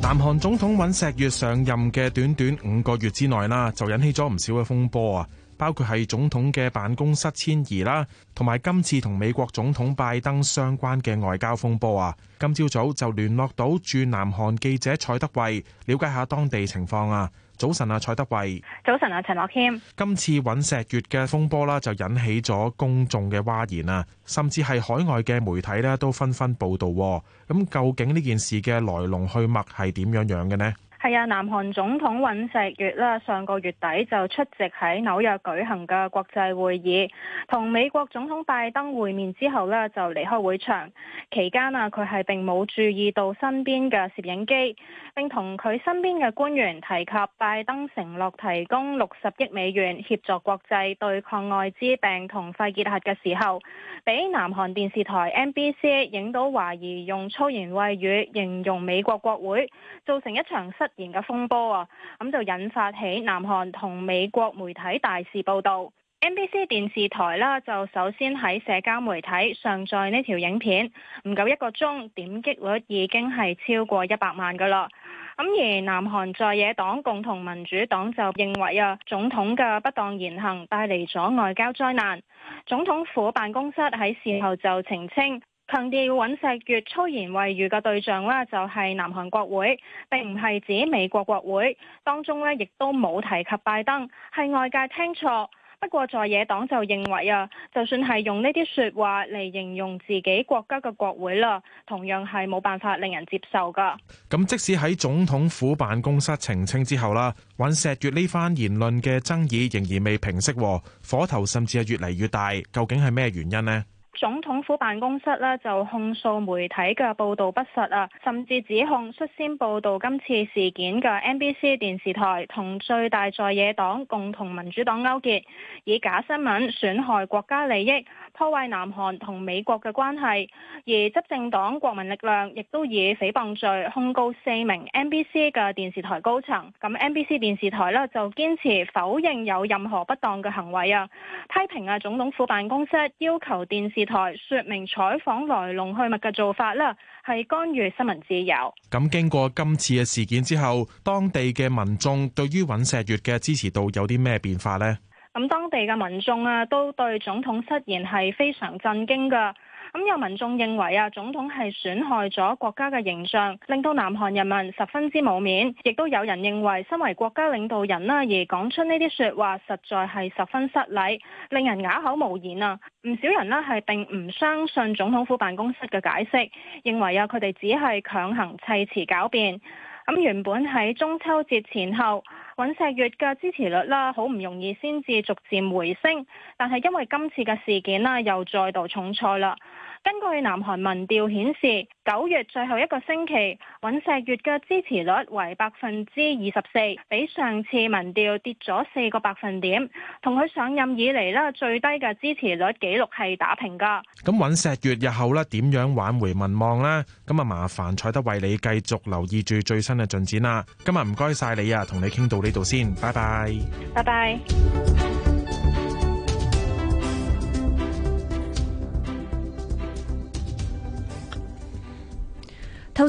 南韓總統尹錫悅上任嘅短短五個月之內啦，就引起咗唔少嘅風波啊！包括係總統嘅辦公室遷移啦，同埋今次同美國總統拜登相關嘅外交風波啊！今朝早就聯絡到駐南韓記者蔡德慧，了解下當地情況啊！早晨啊，蔡德慧。早晨啊，陳樂謙。今次隕石月嘅風波啦，就引起咗公眾嘅嘩然啊，甚至係海外嘅媒體呢，都紛紛報道。咁究竟呢件事嘅來龍去脈係點樣樣嘅呢？係啊，南韓總統尹錫悅啦，上個月底就出席喺紐約舉行嘅國際會議，同美國總統拜登會面之後呢就離開會場。期間啊，佢係並冇注意到身邊嘅攝影機，並同佢身邊嘅官員提及拜登承諾提供六十億美元協助國際對抗艾滋病同肺結核嘅時候，俾南韓電視台 MBC 影到懷疑用粗言穢語形容美國國會，造成一場失嘅風波啊，咁、嗯、就引發起南韓同美國媒體大肆報導。NBC 電視台啦，就首先喺社交媒體上載呢條影片，唔夠一個鐘，點擊率已經係超過一百萬噶啦。咁、嗯、而南韓在野黨共同民主黨就認為啊，總統嘅不當言行帶嚟咗外交災難。總統府辦公室喺事後就澄清。強調尹錫月粗言穢語嘅對象啦，就係南韓國會，並唔係指美國國會。當中呢，亦都冇提及拜登，係外界聽錯。不過在野黨就認為啊，就算係用呢啲說話嚟形容自己國家嘅國會啦，同樣係冇辦法令人接受噶。咁即使喺總統府辦公室澄清之後啦，尹錫月呢番言論嘅爭議仍然未平息，火頭甚至係越嚟越大。究竟係咩原因呢？總統府辦公室咧就控訴媒體嘅報道不實啊，甚至指控率先報導今次事件嘅 MBC 電視台同最大在野黨共同民主黨勾結，以假新聞損害國家利益，破壞南韓同美國嘅關係。而執政黨國民力量亦都以誹謗罪控告四名 MBC 嘅電視台高層。咁 MBC 電視台咧就堅持否認有任何不當嘅行為啊，批評啊總統府辦公室要求電視台說明採訪來龍去脈嘅做法啦，係干預新聞自由。咁經過今次嘅事件之後，當地嘅民眾對於尹錫悅嘅支持度有啲咩變化呢？咁當地嘅民眾啊，都對總統失言係非常震驚噶。咁有民眾認為啊，總統係損害咗國家嘅形象，令到南韓人民十分之冇面。亦都有人認為身為國家領導人啦，而講出呢啲説話，實在係十分失禮，令人啞口無言啊！唔少人呢係並唔相信總統府辦公室嘅解釋，認為啊佢哋只係強行砌詞狡辯。咁原本喺中秋節前後，尹錫悅嘅支持率啦，好唔容易先至逐漸回升，但係因為今次嘅事件啦，又再度重挫啦。根據南韓民調顯示，九月最後一個星期尹錫悅嘅支持率為百分之二十四，比上次民調跌咗四個百分點，同佢上任以嚟咧最低嘅支持率紀錄係打平噶。咁尹錫悅日後呢點樣挽回民望咧？咁啊麻煩彩德為你繼續留意住最新嘅進展啦。今日唔該晒你啊，同你傾到呢度先，拜拜，拜拜。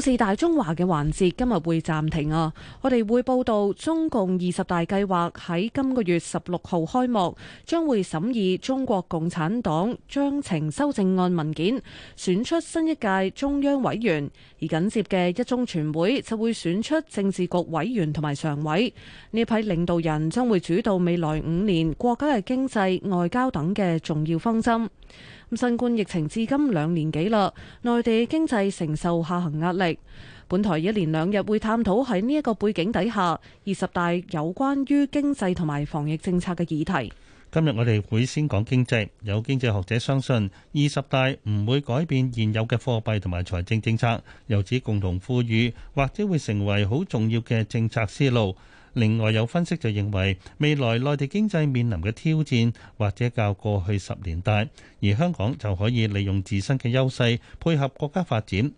就是大中華嘅環節今日會暫停啊！我哋會報道中共二十大計劃喺今個月十六號開幕，將會審議中國共產黨章程修正案文件，選出新一屆中央委員。而緊接嘅一中全會就會選出政治局委員同埋常委。呢批領導人將會主導未來五年國家嘅經濟、外交等嘅重要方針。新冠疫情至今兩年幾啦，內地經濟承受下行壓力。本台一連兩日會探討喺呢一個背景底下，二十大有關於經濟同埋防疫政策嘅議題。今日我哋會先講經濟，有經濟學者相信二十大唔會改變現有嘅貨幣同埋財政政策，由此共同富裕或者會成為好重要嘅政策思路。另外有分析就認為，未來內地經濟面臨嘅挑戰或者較過去十年大，而香港就可以利用自身嘅優勢，配合國家發展。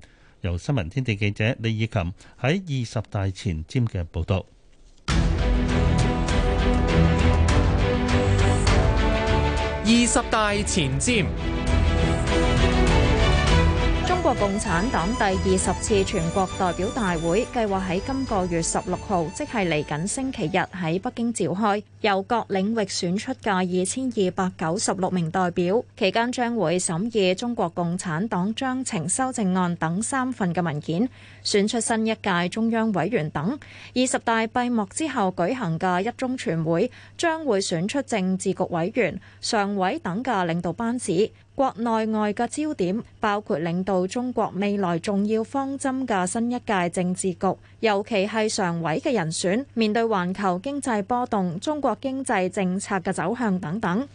由新聞天地記者李以琴喺二十大前瞻嘅報導。二十大前瞻。中國共產黨第二十次全國代表大會計劃喺今個月十六號，即係嚟緊星期日喺北京召開，由各領域選出嘅二千二百九十六名代表，期間將會審議中國共產黨章程修正案等三份嘅文件，選出新一屆中央委員等。二十大閉幕之後舉行嘅一中全會，將會選出政治局委員、常委等嘅領導班子。國內外嘅焦點包括領導中國未來重要方針嘅新一屆政治局，尤其係常委嘅人選，面對環球經濟波動，中國經濟政策嘅走向等等。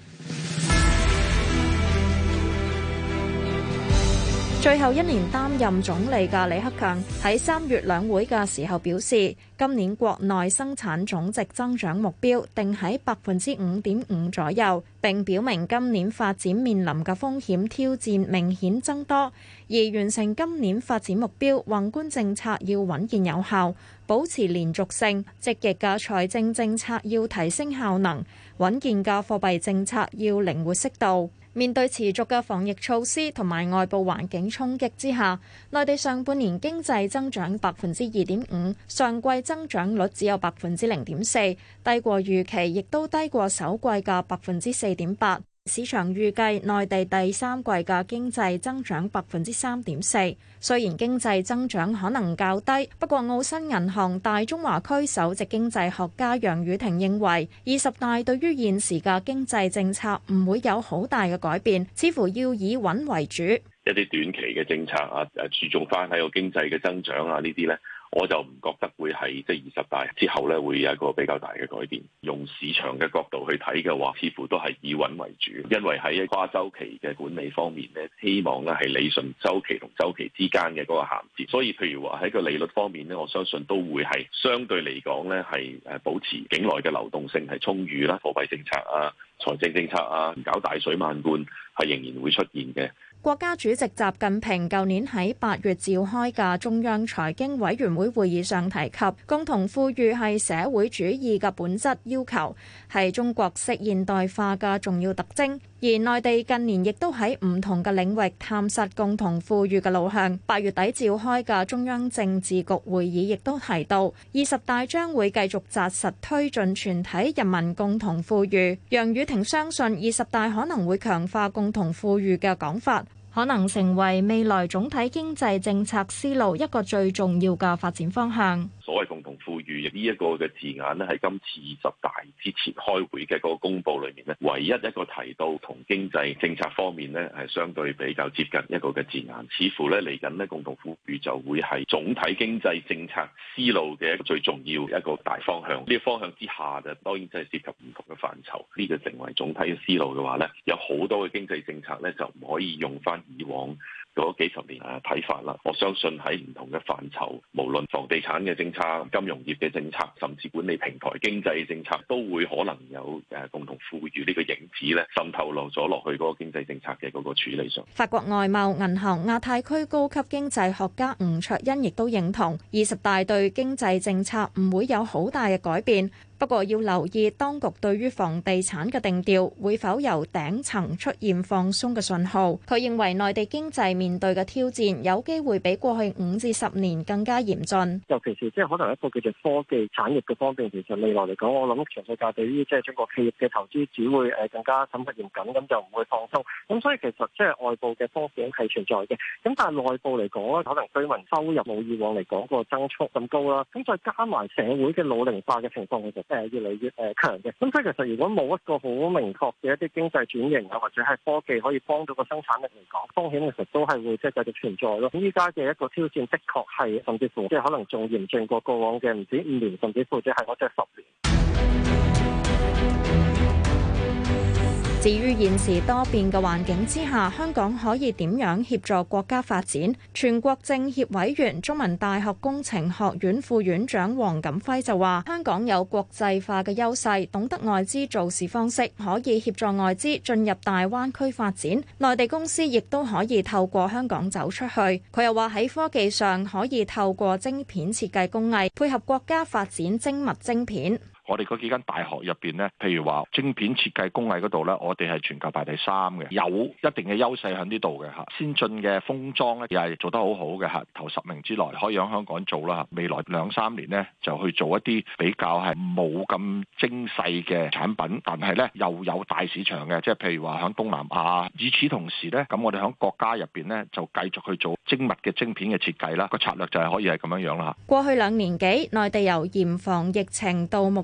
最後一年擔任總理嘅李克強喺三月兩會嘅時候表示，今年國內生產總值增長目標定喺百分之五點五左右，並表明今年發展面臨嘅風險挑戰明顯增多，而完成今年發展目標，宏觀政策要穩健有效，保持連續性；積極嘅財政政策要提升效能，穩健嘅貨幣政策要靈活適度。面對持續嘅防疫措施同埋外部環境衝擊之下，內地上半年經濟增長百分之二點五，上季增長率只有百分之零點四，低過預期，亦都低過首季嘅百分之四點八。市場預計內地第三季嘅經濟增長百分之三點四。雖然經濟增長可能較低，不過澳新銀行大中華區首席經濟學家楊宇婷認為，二十大對於現時嘅經濟政策唔會有好大嘅改變，似乎要以穩為主。一啲短期嘅政策啊，注重翻喺個經濟嘅增長啊，呢啲呢。我就唔覺得會係即係二十大之後咧會有一個比較大嘅改變。用市場嘅角度去睇嘅話，似乎都係以穩為主，因為喺一跨周期嘅管理方面咧，希望咧係理順週期同週期之間嘅嗰個銜接。所以譬如話喺個利率方面咧，我相信都會係相對嚟講咧係誒保持境內嘅流動性係充裕啦，貨幣政策啊、財政政策啊，搞大水漫灌係仍然會出現嘅。國家主席習近平舊年喺八月召開嘅中央財經委員會會議上提及，共同富裕係社會主義嘅本質要求，係中國式現代化嘅重要特徵。而內地近年亦都喺唔同嘅領域探索共同富裕嘅路向。八月底召開嘅中央政治局會議亦都提到，二十大將會繼續紮實推進全體人民共同富裕。楊雨婷相信，二十大可能會強化共同富裕嘅講法。可能成為未來總體經濟政策思路一個最重要嘅發展方向。所謂共同富裕呢一個嘅字眼呢係今次二十大之前開會嘅嗰個公佈裏面呢唯一一個提到同經濟政策方面呢係相對比較接近一個嘅字眼。似乎呢嚟緊呢，共同富裕就會係總體經濟政策思路嘅一個最重要一個大方向。呢個方向之下就當然真係涉及唔同嘅範疇。呢個成為總體嘅思路嘅話呢有好多嘅經濟政策呢，就唔可以用翻。以往嗰幾十年嘅睇法啦，我相信喺唔同嘅範疇，無論房地產嘅政策、金融業嘅政策，甚至管理平台經濟政策，都會可能有誒共同富裕呢個影子咧，滲透落咗落去嗰個經濟政策嘅嗰個處理上。法國外貿銀行亞太區高級經濟學家吳卓恩亦都認同二十大對經濟政策唔會有好大嘅改變。不過要留意，當局對於房地產嘅定調，會否由頂層出現放鬆嘅信號？佢認為內地經濟面對嘅挑戰，有機會比過去五至十年更加嚴峻。尤其是即係可能一個叫做科技產業嘅方面，其實未來嚟講，我諗全世界對於即係中國企業嘅投資，只會誒更加審慎嚴謹，咁就唔會放鬆。咁所以其實即係外部嘅風險係存在嘅。咁但係內部嚟講，可能居民收入冇以往嚟講個增速咁高啦。咁再加埋社會嘅老齡化嘅情況，其實，誒越嚟越誒強嘅，咁所以其實如果冇一個好明確嘅一啲經濟轉型啊，或者係科技可以幫到個生產力嚟講，風險其實都係會即係繼續存在咯。咁依家嘅一個挑戰，的確係甚至乎即係可能仲嚴峻過過往嘅唔止五年，甚至乎或者係我哋十年。 至於現時多變嘅環境之下，香港可以點樣協助國家發展？全國政協委員、中文大學工程學院副院長黃錦輝就話：香港有國際化嘅優勢，懂得外資做事方式，可以協助外資進入大灣區發展；內地公司亦都可以透過香港走出去。佢又話，喺科技上可以透過晶片設計工藝，配合國家發展精密晶片。我哋嗰幾間大學入邊呢，譬如話晶片設計工藝嗰度呢，我哋係全球排第三嘅，有一定嘅優勢喺呢度嘅嚇。先進嘅封裝呢，又係做得好好嘅嚇。頭十名之內可以喺香港做啦。未來兩三年呢，就去做一啲比較係冇咁精細嘅產品，但係呢又有大市場嘅，即係譬如話喺東南亞。與此同時呢，咁我哋喺國家入邊呢，就繼續去做精密嘅晶片嘅設計啦。個策略就係可以係咁樣樣啦。過去兩年幾，內地由嚴防疫情到目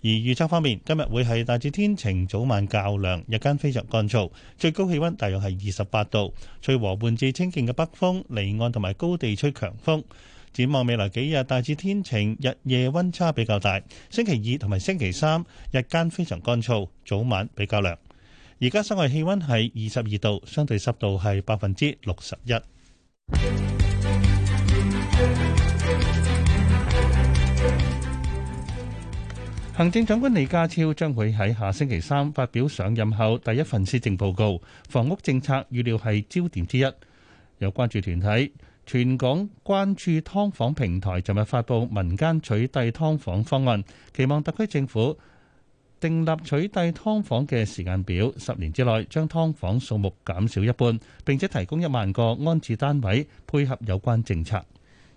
而預測方面，今日會係大致天晴，早晚較涼，日間非常乾燥，最高氣温大約係二十八度。吹和緩至清勁嘅北風，離岸同埋高地吹強風。展望未來幾日，大致天晴，日夜温差比較大。星期二同埋星期三日間非常乾燥，早晚比較涼。而家室外氣温係二十二度，相對濕度係百分之六十一。行政長官李家超將會喺下星期三發表上任後第一份施政報告，房屋政策預料係焦點之一。有關注團體全港關注劏房平台，昨日發布民間取締劏房方案，期望特區政府訂立取締劏房嘅時間表，十年之內將劏房數目減少一半，並且提供一萬個安置單位，配合有關政策。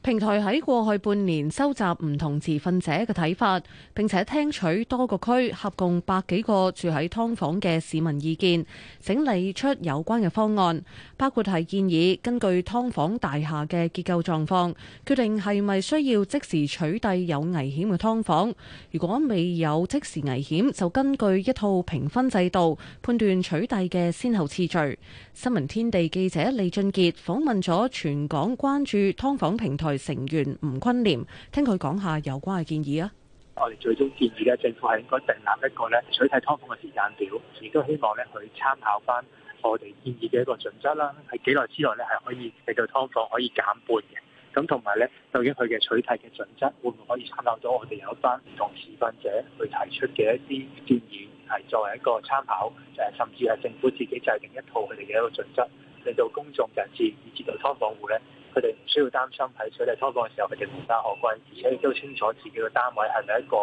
平台喺過去半年收集唔同持份者嘅睇法，並且聽取多個區合共百幾個住喺劏房嘅市民意見，整理出有關嘅方案，包括係建議根據劏房大廈嘅結構狀況，決定係咪需要即時取締有危險嘅劏房。如果未有即時危險，就根據一套評分制度判斷取締嘅先後次序。新聞天地記者李俊傑訪問咗全港關注劏房平台。成員吳坤廉，聽佢講下有關嘅建議啊！我哋最終建議咧，政府係應該訂立一個咧取締劏房嘅時間表，亦都希望咧去參考翻我哋建議嘅一個準則啦，喺幾耐之內咧係可以令到劏房可以減半嘅。咁同埋咧，究竟佢嘅取締嘅準則會唔會可以參考到？我哋有一班唔同持份者去提出嘅一啲建議，係作為一個參考，就係甚至係政府自己制定一套佢哋嘅一個準則，令到公眾人士以至到劏房戶咧。佢哋唔需要擔心喺取締劏房嘅時候佢哋無家可歸，而且亦都清楚自己嘅單位係咪一個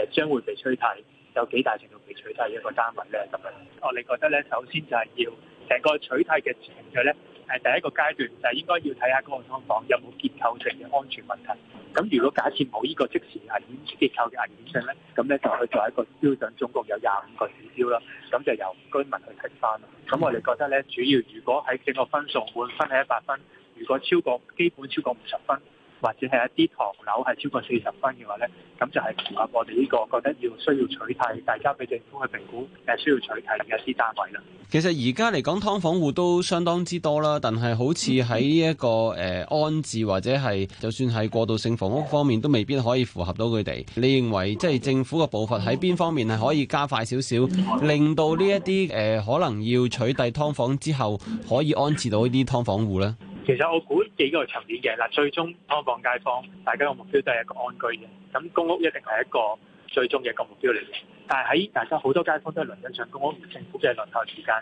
誒將會被取締、有幾大程度被取締嘅一個單位咧咁樣。我哋覺得咧，首先就係要成個取締嘅程序咧，係第一個階段就係應該要睇下嗰個劏房有冇結構性嘅安全問題。咁如果假設冇呢個即時危險結構嘅危險性咧，咁咧就去做一個標準，總共有廿五個指標啦。咁就由居民去睇翻。咁我哋覺得咧，主要如果喺整個分數滿分係一百分。如果超過基本超過五十分，或者係一啲唐樓係超過四十分嘅話呢，咁就係符合我哋呢個覺得要需要取替、大家俾政府去評估誒需要取替嘅一啲單位啦。其實而家嚟講，劏房戶都相當之多啦。但係好似喺呢一個誒安置或者係就算係過渡性房屋方面，都未必可以符合到佢哋。你認為即係政府嘅步伐喺邊方面係可以加快少少，令到呢一啲誒可能要取替㓥房之後可以安置到呢啲劏房戶呢？其實我估幾個層面嘅嗱，最終劏房街坊大家嘅目標都係一個安居嘅，咁公屋一定係一個最終嘅一個目標嚟嘅。但係喺大家好多街坊都係輪緊上公屋，政府嘅輪候時間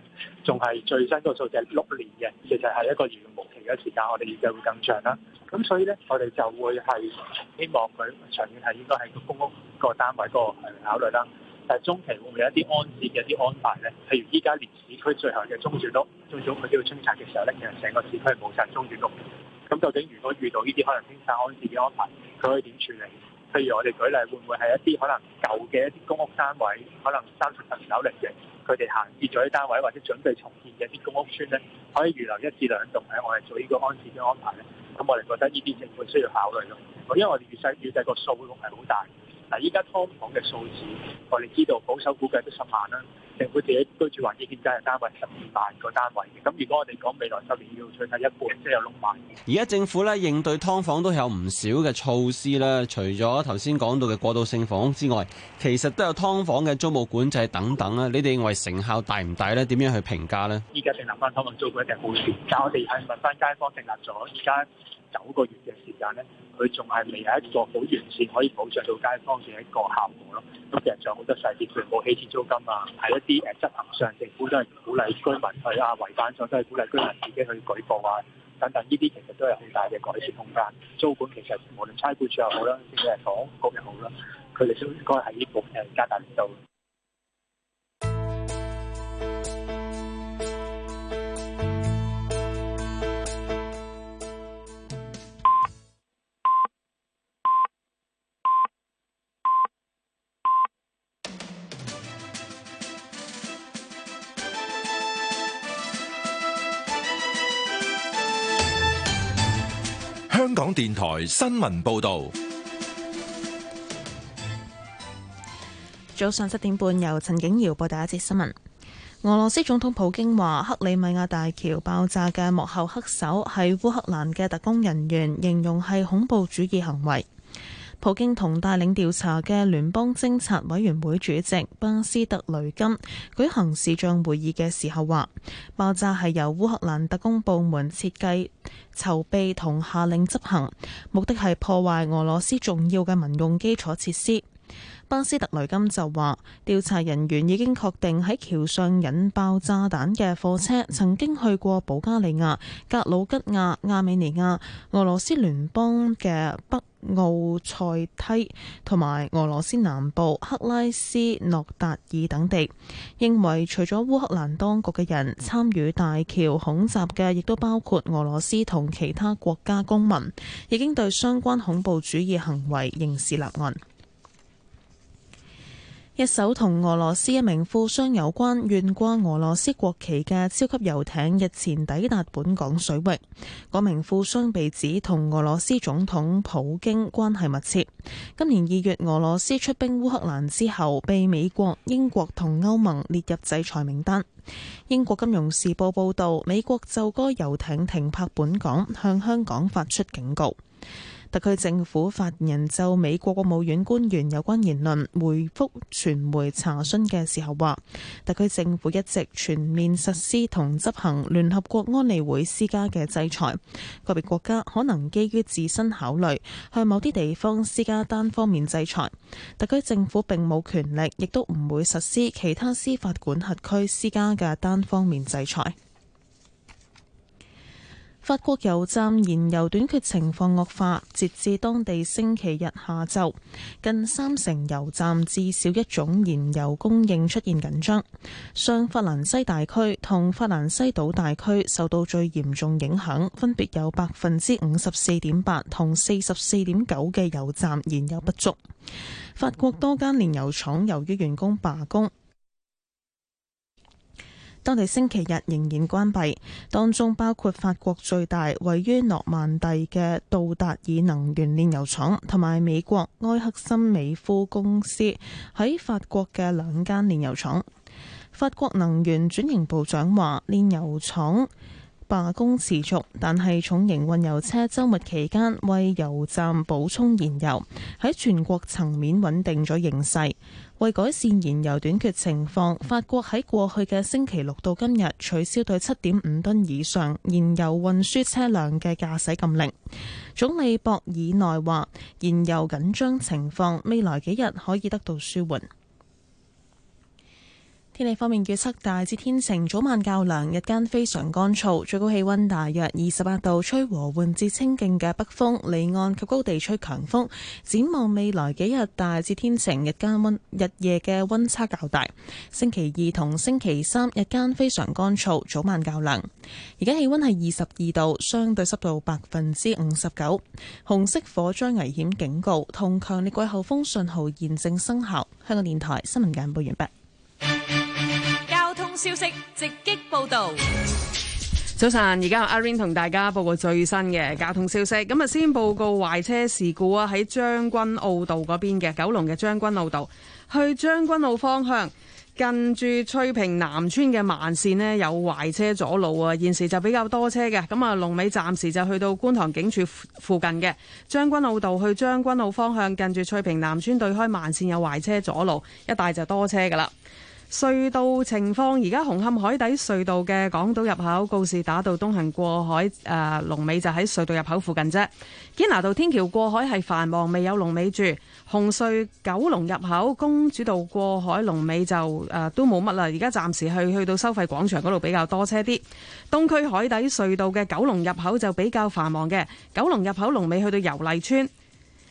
仲係最新嗰個數就係六年嘅，其實係一個遠無期嘅時間，我哋預計會更長啦。咁所以咧，我哋就會係希望佢長遠係應該喺公屋個單位個考慮啦。但係中期會唔會有一啲安置嘅一啲安排咧？譬如依家連市區最後嘅中轉屋，朝早佢都要清拆嘅時候咧，其實成個市區冇晒中轉屋。咁究竟如果遇到呢啲可能清拆安置嘅安排，佢可以點處理？譬如我哋舉例，會唔會係一啲可能舊嘅一啲公屋單位，可能三十朋友嚟嘅，佢哋行跌咗啲單位或者準備重建嘅啲公屋村咧，可以預留一至兩棟喺我哋做呢個安置嘅安排咧？咁我哋覺得呢啲政府需要考慮咯。因為我哋預計預計個數目係好大。嗱，依家劏房嘅數字，我哋知道保守估計都十萬啦。政府自己居住環境建設嘅單位十二萬個單位，咁如果我哋講未來十年要取㗋一半，即係有六萬。而家政府咧應對㓥房都有唔少嘅措施啦，除咗頭先講到嘅過渡性房屋之外，其實都有劏房嘅租務管制等等啦。你哋認為成效大唔大咧？點樣去評價呢？而家成林翻劏房租屋一定好住，但係我哋喺民生街坊成立咗依間。九個月嘅時間咧，佢仲係未有一個好完善可以保障到街坊嘅一個效果咯。咁其實仲有好多細節，譬如冇起始租金啊，係一啲誒執行上，政府都係鼓勵居民去啊違反上都係鼓勵居民自己去舉報啊等等。呢啲其實都係好大嘅改善空間。租管其實無論差估署又好啦，定係房屋局又好啦，佢哋都應該係要誒加大力度。電台新聞報道，早上七點半由陳景瑤報第一節新聞。俄羅斯總統普京話，克里米亞大橋爆炸嘅幕後黑手係烏克蘭嘅特工人員，形容係恐怖主義行為。普京同帶領調查嘅聯邦偵察委員會主席巴斯特雷金舉行視像會議嘅時候話：爆炸係由烏克蘭特工部門設計、籌備同下令執行，目的係破壞俄羅斯重要嘅民用基礎設施。巴斯特雷金就話，調查人員已經確定喺橋上引爆炸彈嘅貨車曾經去過保加利亞、格魯吉亞、亞美尼亞、俄羅斯聯邦嘅北奧塞梯同埋俄羅斯南部克拉斯諾達爾等地。認為除咗烏克蘭當局嘅人參與大橋恐襲嘅，亦都包括俄羅斯同其他國家公民。已經對相關恐怖主義行為刑事立案。一艘同俄羅斯一名富商有關、懸掛俄羅斯國旗嘅超級遊艇日前抵達本港水域。嗰名富商被指同俄羅斯總統普京關係密切。今年二月俄羅斯出兵烏克蘭之後，被美國、英國同歐盟列入制裁名單。英國金融時報報導，美國就該遊艇停泊本港，向香港發出警告。特區政府發言人就美國國務院官員有關言論回覆傳媒查詢嘅時候話，特區政府一直全面實施同執行聯合國安理會施加嘅制裁，個別國家可能基於自身考慮向某啲地方施加單方面制裁，特區政府並冇權力，亦都唔會實施其他司法管轄區施加嘅單方面制裁。法國油站燃油短缺情況惡化，截至當地星期日下晝，近三成油站至少一種燃油供應出現緊張。上法蘭西大區同法蘭西島大區受到最嚴重影響，分別有百分之五十四點八同四十四點九嘅油站燃油不足。法國多間煉油廠由於員工罷工，當地星期日仍然關閉，當中包括法國最大位於諾曼第嘅道達爾能源煉油廠，同埋美國埃克森美孚公司喺法國嘅兩間煉油廠。法國能源轉型部長話：煉油廠罷工持續，但係重型運油車周末期間為油站補充燃油，喺全國層面穩定咗形勢。為改善燃油短缺情況，法國喺過去嘅星期六到今日取消對七點五噸以上燃油運輸車輛嘅駕駛禁令。總理博爾內話，燃油緊張情況未來幾日可以得到舒緩。天氣方面預測，預測大致天晴，早晚較涼，日間非常乾燥，最高氣溫大約二十八度，吹和緩至清勁嘅北風，離岸及高地吹強風。展望未來幾日，大致天晴，日間溫日夜嘅溫差較大。星期二同星期三日間非常乾燥，早晚較涼。而家氣溫係二十二度，相對濕度百分之五十九。紅色火災危險警告同強烈季候風信號現正生效。香港電台新聞簡報完畢。消息直擊報道，早晨，而家阿 Rain 同大家報告最新嘅交通消息。咁啊，先報告壞車事故啊，喺將軍澳道嗰邊嘅九龍嘅將軍澳道去將軍澳方向，近住翠屏南村嘅慢線呢，有壞車阻路啊，現時就比較多車嘅。咁啊，龍尾暫時就去到觀塘警署附近嘅將軍澳道去將軍澳方向，近住翠屏南村對開慢線有壞車阻路，一帶就多車噶啦。隧道情況，而家紅磡海底隧道嘅港島入口告士打道東行過海，誒、呃、龍尾就喺隧道入口附近啫。堅拿道天橋過海係繁忙，未有龍尾住。紅隧九龍入口公主道過海，龍尾就誒、呃、都冇乜啦。而家暫時去去到收費廣場嗰度比較多車啲。東區海底隧道嘅九龍入口就比較繁忙嘅。九龍入口龍尾去到油麗村，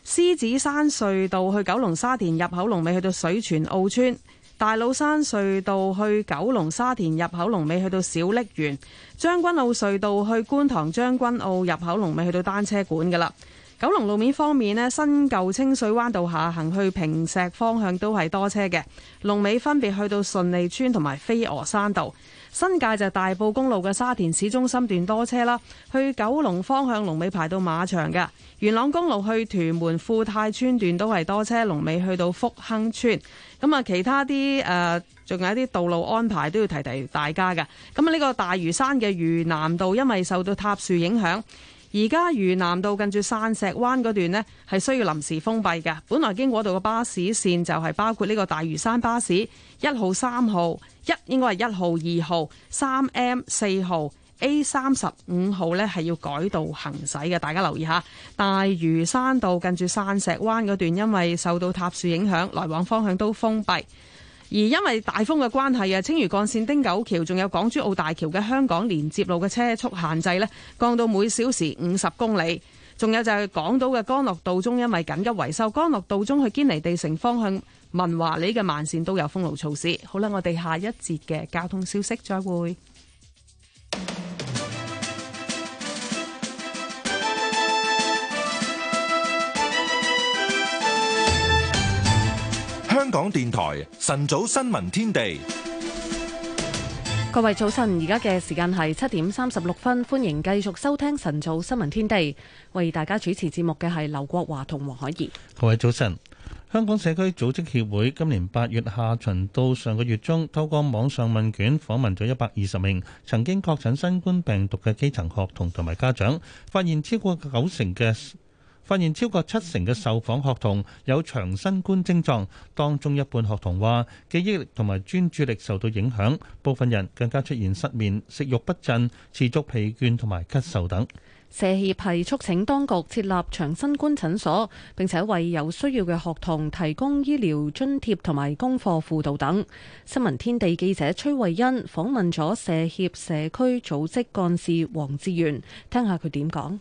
獅子山隧道去九龍沙田入口龍尾去到水泉澳村。大老山隧道去九龍沙田入口龍尾去到小瀝園將軍澳隧道去觀塘將軍澳入口龍尾去到單車館噶啦。九龍路面方面呢，新舊清水灣道下行去坪石方向都係多車嘅，龍尾分別去到順利村同埋飛鵝山道。新界就大埔公路嘅沙田市中心段多車啦，去九龍方向龍尾排到馬場㗎。元朗公路去屯門富泰村段都係多車，龍尾去到福亨村。咁啊，其他啲誒，仲、呃、有一啲道路安排都要提提大家嘅。咁啊，呢個大嶼山嘅嶼南道因為受到塌樹影響。而家嶼南道近住山石灣嗰段呢，係需要臨時封閉嘅。本來經過度嘅巴士線就係包括呢個大嶼山巴士一號、三號一應該係一號、二號三 M 四號 A 三十五號呢，係要改道行駛嘅。大家留意下，大嶼山道近住山石灣嗰段，因為受到塌樹影響，來往方向都封閉。而因為大風嘅關係啊，青嶼幹線汀九橋，仲有港珠澳大橋嘅香港連接路嘅車速限制咧，降到每小時五十公里。仲有就係港島嘅干諾道中，因為緊急維修，干諾道中去堅尼地城方向、文華里嘅慢線都有封路措施。好啦，我哋下一節嘅交通消息，再會。香港電台晨早新聞天地，各位早晨，而家嘅時間係七點三十六分，歡迎繼續收聽晨早新聞天地。為大家主持節目嘅係劉國華同黃海怡，各位早晨，香港社區組織協會今年八月下旬到上個月中，透過網上問卷訪問咗一百二十名曾經確診新冠病毒嘅基層學童同埋家長，發現超過九成嘅。發現超過七成嘅受訪學童有長新冠症狀，當中一半學童話記憶力同埋專注力受到影響，部分人更加出現失眠、食慾不振、持續疲倦同埋咳嗽等。社協係促請當局設立長新冠診所，並且為有需要嘅學童提供醫療津貼同埋功課輔導等。新聞天地記者崔慧欣訪問咗社協社區組織幹事黃志源，聽下佢點講。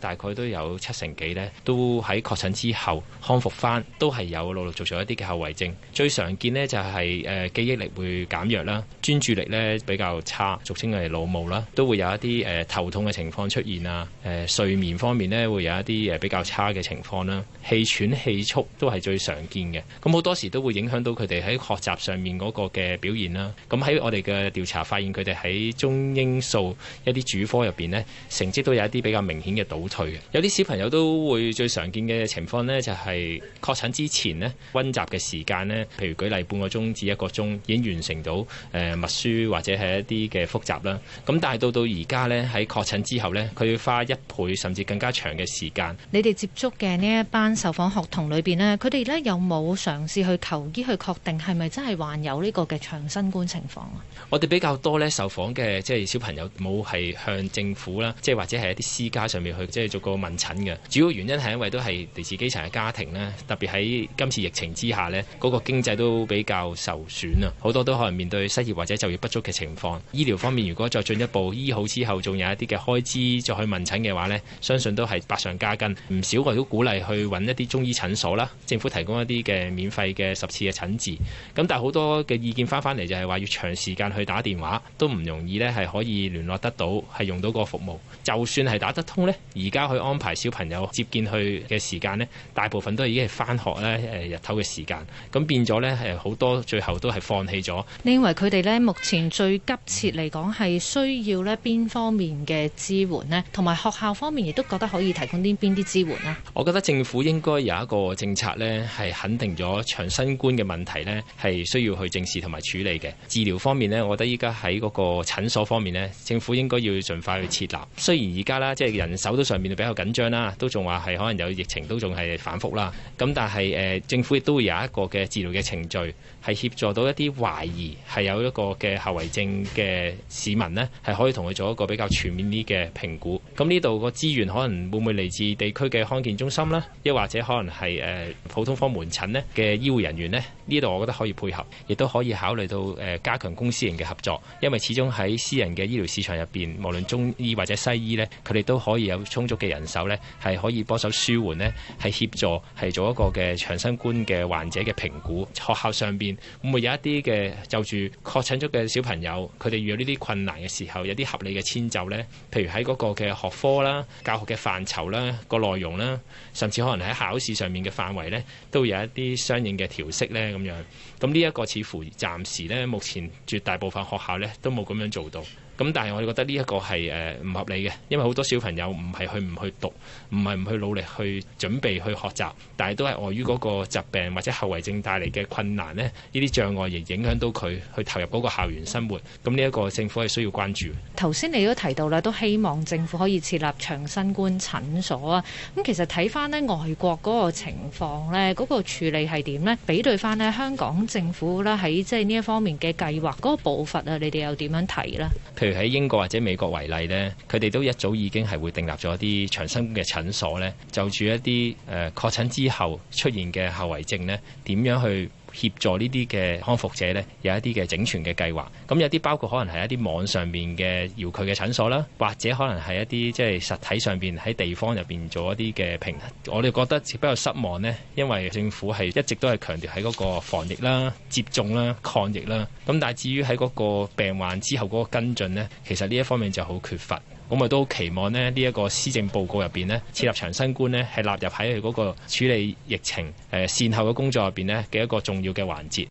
大概都有七成幾咧，都喺確診之後康復翻，都係有陸陸續續一啲嘅後遺症。最常見呢，就係、是、誒、呃、記憶力會減弱啦，專注力咧比較差，俗稱係腦霧啦，都會有一啲誒、呃、頭痛嘅情況出現啊。誒、呃、睡眠方面咧會有一啲誒比較差嘅情況啦，氣喘氣促都係最常見嘅。咁、嗯、好多時都會影響到佢哋喺學習上面嗰個嘅表現啦。咁、嗯、喺我哋嘅調查發現，佢哋喺中英數一啲主科入邊呢，成績都有一啲比較明顯嘅倒。退有啲小朋友都會最常見嘅情況呢，就係、是、確診之前呢，溫習嘅時間呢，譬如舉例半個鐘至一個鐘，已經完成到誒默、呃、書或者係一啲嘅複習啦。咁但係到到而家呢，喺確診之後呢，佢要花一倍甚至更加長嘅時間。你哋接觸嘅呢一班受訪學童裏邊呢，佢哋呢有冇嘗試去求醫去確定係咪真係患有呢個嘅長新冠情況啊？我哋比較多呢，受訪嘅即係小朋友冇係向政府啦，即係或者係一啲私家上面去。即係做個問診嘅主要原因係因為都係嚟自基層嘅家庭咧，特別喺今次疫情之下呢，嗰個經濟都比較受損啊，好多都可能面對失業或者就業不足嘅情況。醫療方面，如果再進一步醫好之後，仲有一啲嘅開支，再去問診嘅話呢，相信都係百上加斤。唔少我都鼓勵去揾一啲中醫診所啦，政府提供一啲嘅免費嘅十次嘅診治。咁但係好多嘅意見翻翻嚟就係話要長時間去打電話都唔容易呢，係可以聯絡得到，係用到個服務。就算係打得通呢。而家去安排小朋友接見去嘅時間咧，大部分都係，已經係翻學咧誒、呃、日頭嘅時間，咁變咗咧，係好多最後都係放棄咗。你認為佢哋咧目前最急切嚟講係需要咧邊方面嘅支援咧，同埋學校方面亦都覺得可以提供啲邊啲支援咧？我覺得政府應該有一個政策咧，係肯定咗長新冠嘅問題咧，係需要去正視同埋處理嘅。治療方面咧，我覺得依家喺嗰個診所方面咧，政府應該要盡快去設立。雖然而家啦，即係人手都想。面對比較緊張啦，都仲話係可能有疫情都仲係反覆啦。咁但係誒、呃，政府亦都會有一個嘅治療嘅程序，係協助到一啲懷疑係有一個嘅後遺症嘅市民呢，係可以同佢做一個比較全面啲嘅評估。咁呢度個資源可能會唔會嚟自地區嘅康健中心咧，又或者可能係誒、呃，普通科門診呢嘅醫護人員呢？呢度我覺得可以配合，亦都可以考慮到誒加強公私營嘅合作，因為始終喺私人嘅醫療市場入邊，無論中醫或者西醫呢，佢哋都可以有充足嘅人手呢，係可以幫手舒緩呢，係協助係做一個嘅長新冠嘅患者嘅評估。學校上邊會唔會有一啲嘅就住確診咗嘅小朋友，佢哋遇到呢啲困難嘅時候，有啲合理嘅遷就呢？譬如喺嗰個嘅學科啦、教學嘅範疇啦、個內容啦。甚至可能喺考試上面嘅範圍呢，都有一啲相應嘅調適呢。咁樣。咁呢一個似乎暫時呢，目前絕大部分學校呢都冇咁樣做到。咁但係我哋覺得呢一個係誒唔合理嘅，因為好多小朋友唔係去唔去讀，唔係唔去努力去準備去學習，但係都係礙於嗰個疾病或者後遺症帶嚟嘅困難呢，呢啲障礙亦影響到佢去投入嗰個校園生活。咁呢一個政府係需要關注。頭先你都提到啦，都希望政府可以設立長新冠診所啊。咁其實睇翻呢外國嗰個情況呢，嗰個處理係點呢？比對翻呢香港政府咧喺即係呢一方面嘅計劃嗰個步伐啊，你哋又點樣睇呢？譬如喺英國或者美國為例咧，佢哋都一早已經係會訂立咗一啲長生嘅診所咧，就住一啲誒確診之後出現嘅後遺症咧，點樣去協助呢啲嘅康復者呢，有一啲嘅整全嘅計劃。咁有啲包括可能係一啲網上面嘅遙距嘅診所啦，或者可能係一啲即係實體上邊喺地方入邊做一啲嘅平衡。我哋覺得比較失望呢，因為政府係一直都係強調喺嗰個防疫啦、接種啦、抗疫啦。咁但係至於喺嗰個病患之後嗰個跟進呢，其實呢一方面就好缺乏。咁咪都期望呢，呢、呢、一個施政報告入邊呢，設立長新冠呢，係納入喺佢嗰個處理疫情誒、呃、善後嘅工作入邊呢嘅一個重要嘅環節。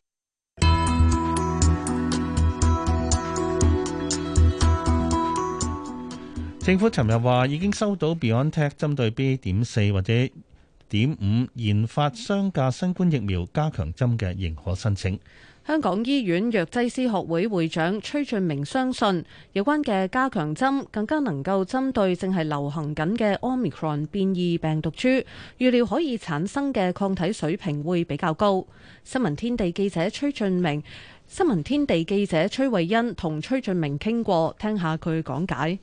政府尋日話已經收到 BioNTech 針對 B. 點四或者點五研發雙價新冠疫苗加強針嘅認可申請。香港醫院藥劑師學會會長崔俊明相信，有關嘅加強針更加能夠針對正係流行緊嘅 Omicron 變異病毒株，預料可以產生嘅抗體水平會比較高。新聞天地記者崔俊明，新聞天地記者崔慧欣同崔俊明傾過，聽下佢講解。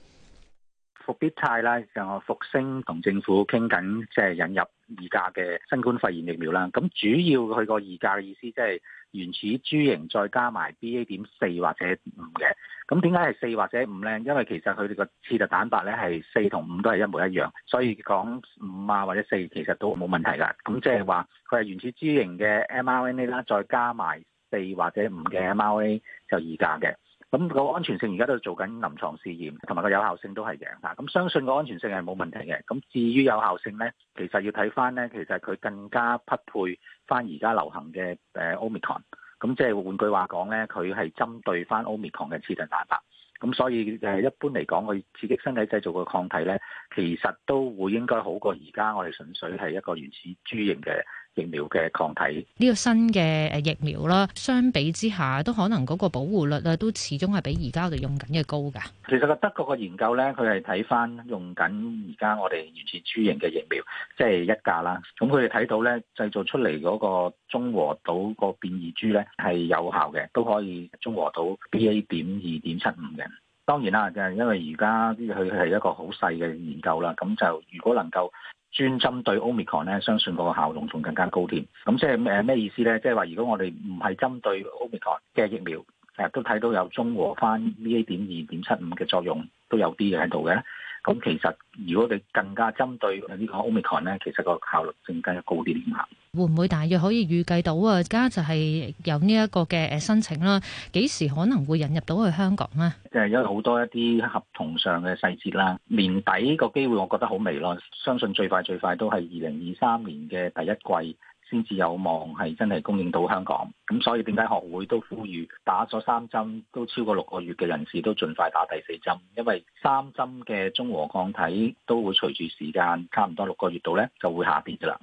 復必泰啦，就是、我復星同政府傾緊，即、就、係、是、引入二價嘅新冠肺炎疫苗啦。咁主要佢個二價嘅意思，即係原始株型再加埋 B A 點四或者五嘅。咁點解係四或者五咧？因為其實佢哋個刺突蛋白咧係四同五都係一模一樣，所以講五啊或者四其實都冇問題啦。咁即係話佢係原始株型嘅 m R N A 啦，再加埋四或者五嘅 m R N A 就二價嘅。咁個安全性而家都做緊臨床試驗，同埋個有效性都係贏嚇。咁相信個安全性係冇問題嘅。咁至於有效性咧，其實要睇翻咧，其實佢更加匹配翻而家流行嘅誒奧密克戎。咁即係換句話講咧，佢係針對翻奧密克戎嘅刺突蛋白。咁所以誒，一般嚟講，佢刺激身體製造個抗體咧，其實都會應該好過而家我哋純粹係一個原始株型嘅。疫苗嘅抗體，呢個新嘅疫苗啦，相比之下都可能嗰個保護率咧，都始終係比而家我哋用緊嘅高㗎。其實個德國嘅研究咧，佢係睇返用緊而家我哋原始株型嘅疫苗，即係一價啦。咁佢哋睇到咧，製造出嚟嗰個中和到個變異株咧係有效嘅，都可以中和到 B A 點二點七五嘅。當然啦，就係因為而家啲佢係一個好細嘅研究啦，咁就如果能夠。專針對 Omicron 咧，相信嗰個效用仲更加高啲。咁即係誒咩意思咧？即係話如果我哋唔係針對 Omicron 嘅疫苗，誒、啊、都睇到有中和返 BA 點二點七五嘅作用都有啲嘅喺度嘅。咁其實，如果你更加針對呢個 Omicron 咧，其實個效率正更加高啲啲下。會唔會大約可以預計到啊？而家就係有呢一個嘅誒申請啦，幾時可能會引入到去香港咧？誒，因為有好多一啲合同上嘅細節啦，年底個機會我覺得好微咯。相信最快最快都係二零二三年嘅第一季。先至有望係真係供應到香港，咁所以點解學會都呼籲打咗三針都超過六個月嘅人士都盡快打第四針，因為三針嘅中和抗體都會隨住時間差唔多六個月度呢就會下跌㗎啦。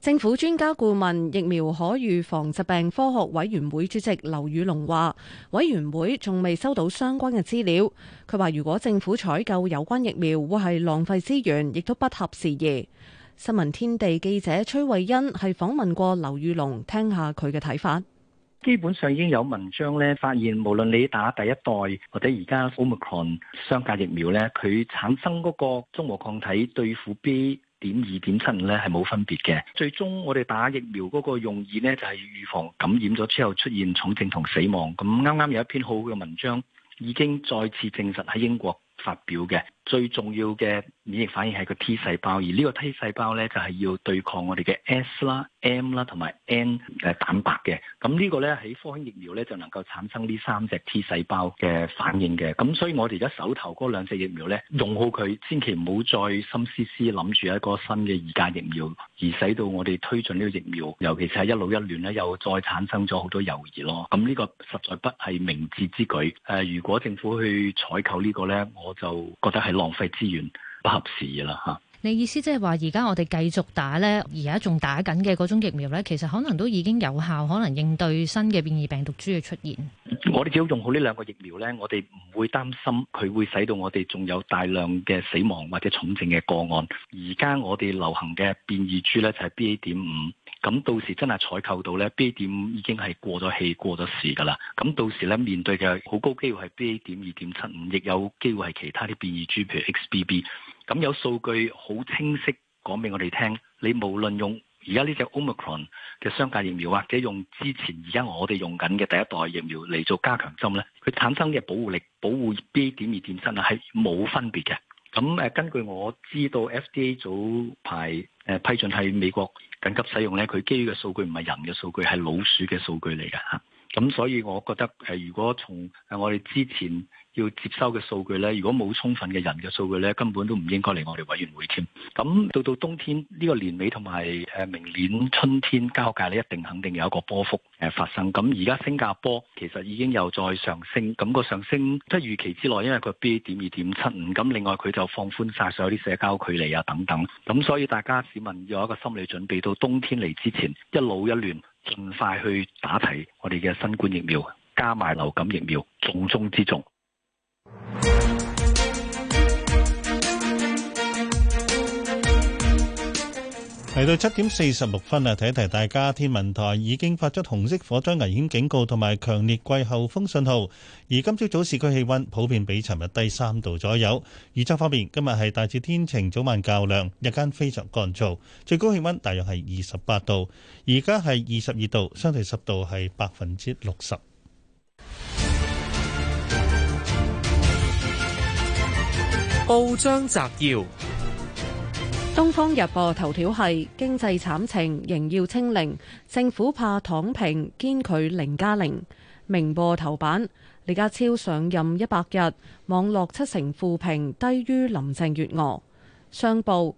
政府專家顧問疫苗可預防疾病科學委員會主席劉宇龍話，委員會仲未收到相關嘅資料。佢話如果政府採購有關疫苗，會係浪費資源，亦都不合時宜。新聞天地記者崔慧恩係訪問過劉宇龍，聽下佢嘅睇法。基本上已經有文章咧發現，無論你打第一代或者而家 omicron 雙價疫苗咧，佢產生嗰個中和抗體對付 B 點二點七五咧係冇分別嘅。最終我哋打疫苗嗰個用意咧就係預防感染咗之後出現重症同死亡。咁啱啱有一篇好好嘅文章已經再次證實喺英國發表嘅。最重要嘅免疫反應係個 T 細胞，而呢個 T 細胞咧就係要對抗我哋嘅 S 啦、M 啦同埋 N 誒蛋白嘅。咁、這、呢個咧喺科興疫苗咧就能夠產生呢三隻 T 細胞嘅反應嘅。咁所以我哋而家手頭嗰兩隻疫苗咧用好佢，千祈唔好再心思思諗住一個新嘅二價疫苗，而使到我哋推進呢個疫苗，尤其是係一老一嫩咧又再產生咗好多猶疑咯。咁、這、呢個實在不係明智之舉誒，如果政府去採購呢、這個咧，我就覺得係。浪費資源，不合適啦吓。你意思即係話，而家我哋繼續打咧，而家仲打緊嘅嗰種疫苗咧，其實可能都已經有效，可能應對新嘅變異病毒株嘅出現。我哋只要用好呢兩個疫苗咧，我哋唔會擔心佢會使到我哋仲有大量嘅死亡或者重症嘅個案。而家我哋流行嘅變異株咧就係 BA.5。咁到時真係採購到呢，B 點五已經係過咗氣，過咗時㗎啦。咁到時呢，面對嘅好高機會係 B 點二點七五，亦有機會係其他啲變異株，譬如 XBB。咁有數據好清晰講俾我哋聽，你無論用而家呢隻 Omicron 嘅雙價疫苗或者用之前而家我哋用緊嘅第一代疫苗嚟做加強針呢，佢產生嘅保護力保護 B 點二點七五係冇分別嘅。咁誒，根據我知道，FDA 早排誒、呃、批准喺美國緊急使用咧，佢基於嘅數據唔係人嘅數據，係老鼠嘅數據嚟㗎吓。咁、嗯、所以我覺得誒、呃，如果從、呃、我哋之前。要接收嘅數據呢，如果冇充分嘅人嘅數據呢，根本都唔應該嚟我哋委員會添。咁到到冬天呢、呢個年尾同埋誒明年春天，交界呢一定肯定有一個波幅誒發生。咁而家新加坡其實已經又再上升，咁、嗰個上升即係預期之內，因為佢 B 點二點七五。咁另外佢就放寬晒所有啲社交距離啊等等。咁所以大家市民要有一個心理準備，到冬天嚟之前一老一亂，盡快去打齊我哋嘅新冠疫苗，加埋流感疫苗，重中之重。嚟到七點四十六分啊，提一提大家，天文台已經發出紅色火災危險警告同埋強烈季候風信號。而今朝早市區氣温普遍比尋日低三度左右。預測方面，今日係大致天晴，早晚較涼，日間非常乾燥，最高氣温大約係二十八度。而家係二十二度，相對濕度係百分之六十。.報章摘要：《東方日報》頭條係經濟慘情仍要清零，政府怕躺平，堅拒零加零。《明報》頭版：李家超上任一百日，網絡七成負評，低於林鄭月娥。《商報》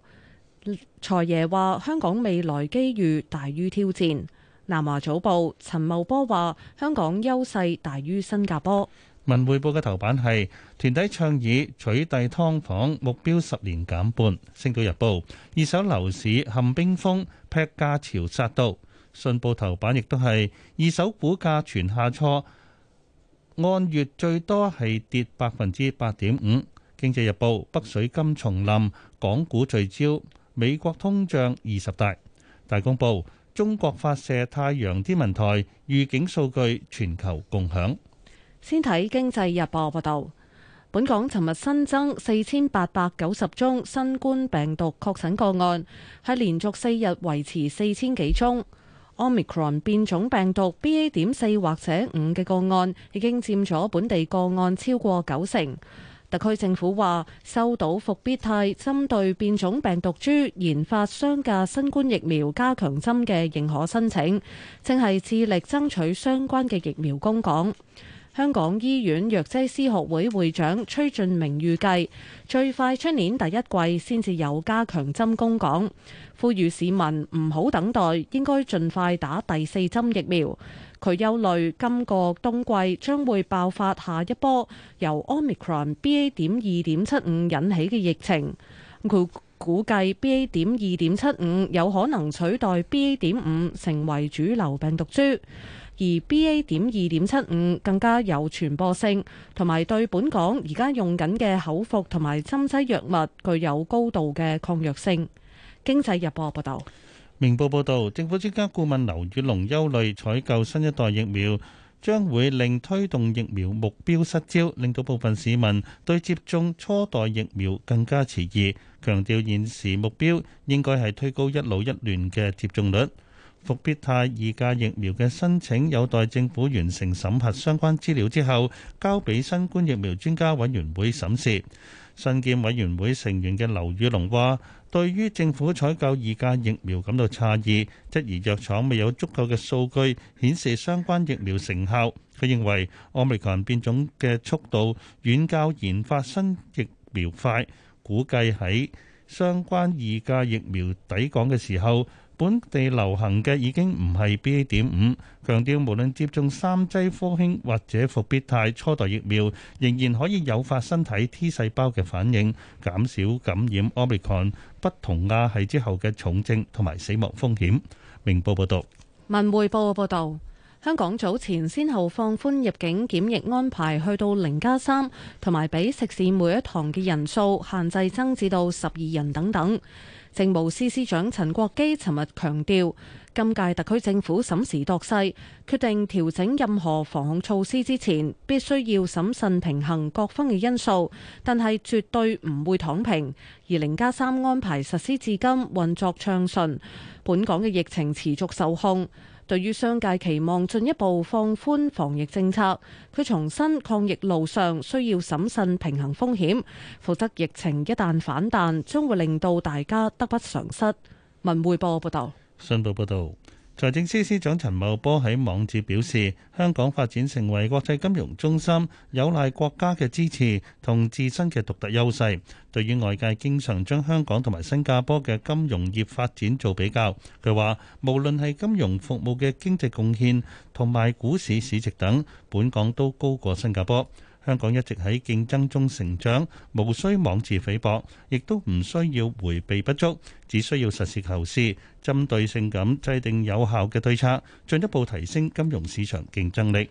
財爺話香港未來機遇大於挑戰。《南華早報》陳茂波話香港優勢大於新加坡。文匯報嘅頭版係團體倡議取締劏房，目標十年減半。星島日報，二手樓市陷冰封，劈價潮殺到。信報頭版亦都係二手股價全下挫，按月最多係跌百分之八點五。經濟日報，北水金松林，港股聚焦。美國通脹二十大，大公報，中國發射太陽天文台，預警數據全球共享。先睇《經濟日報》報導，本港尋日新增四千八百九十宗新冠病毒確診個案，係連續四日維持四千幾宗。Omicron 變種病毒 BA 點四或者五嘅個案已經佔咗本地個案超過九成。特區政府話收到復必泰針對變種病毒株研發商嘅新冠疫苗加強針嘅認可申請，正係致力爭取相關嘅疫苗供港。香港醫院藥劑師學會會長崔俊明預計，最快出年第一季先至有加強針供港。呼籲市民唔好等待，應該盡快打第四針疫苗。佢憂慮今個冬季將會爆發下一波由 Omicron BA 點二點七五引起嘅疫情。佢估計 BA 點二點七五有可能取代 BA 點五成為主流病毒株。而 BA. 點二點七五更加有傳播性，同埋對本港而家用緊嘅口服同埋針劑藥物具有高度嘅抗藥性。經濟日報報導，明報報導，政府專家顧問劉宇隆憂慮，採購新一代疫苗將會令推動疫苗目標失焦，令到部分市民對接種初代疫苗更加遲疑。強調現時目標應該係推高一老一幼嘅接種率。復必泰二價疫苗嘅申請有待政府完成審核相關資料之後，交俾新冠疫苗專家委員會審視。新建委員會成員嘅劉宇隆話，對於政府採購二價疫苗感到詫異，質疑藥廠未有足夠嘅數據顯示相關疫苗成效。佢認為，奧密克戎變種嘅速度遠較研發新疫苗快，估計喺相關二價疫苗抵港嘅時候。本地流行嘅已經唔係 B A. 點五，強調無論接種三劑科興或者伏必泰初代疫苗，仍然可以誘發身體 T 細胞嘅反應，減少感染 o 奧密 o n 不同亞係之後嘅重症同埋死亡風險。明報報道。文匯報報道，香港早前先後放寬入境檢疫安排，去到零加三，同埋俾食肆每一堂嘅人數限制增至到十二人等等。政務司司長陳國基尋日強調，今屆特區政府審時度勢，決定調整任何防控措施之前，必須要審慎平衡各方嘅因素，但係絕對唔會躺平。而零加三安排實施至今，運作暢順，本港嘅疫情持續受控。對於商界期望進一步放寬防疫政策，佢重申抗疫路上需要審慎平衡風險，否則疫情一旦反彈，將會令到大家得不償失。文匯報報道，新報報道。財政司司長陳茂波喺網誌表示，香港發展成為國際金融中心，有賴國家嘅支持同自身嘅獨特優勢。對於外界經常將香港同埋新加坡嘅金融業發展做比較，佢話無論係金融服務嘅經濟貢獻同埋股市市值等，本港都高過新加坡。香港一直喺競爭中成長，無需妄自菲薄，亦都唔需要回避不足，只需要實事求是，針對性咁制定有效嘅對策，進一步提升金融市場競爭力。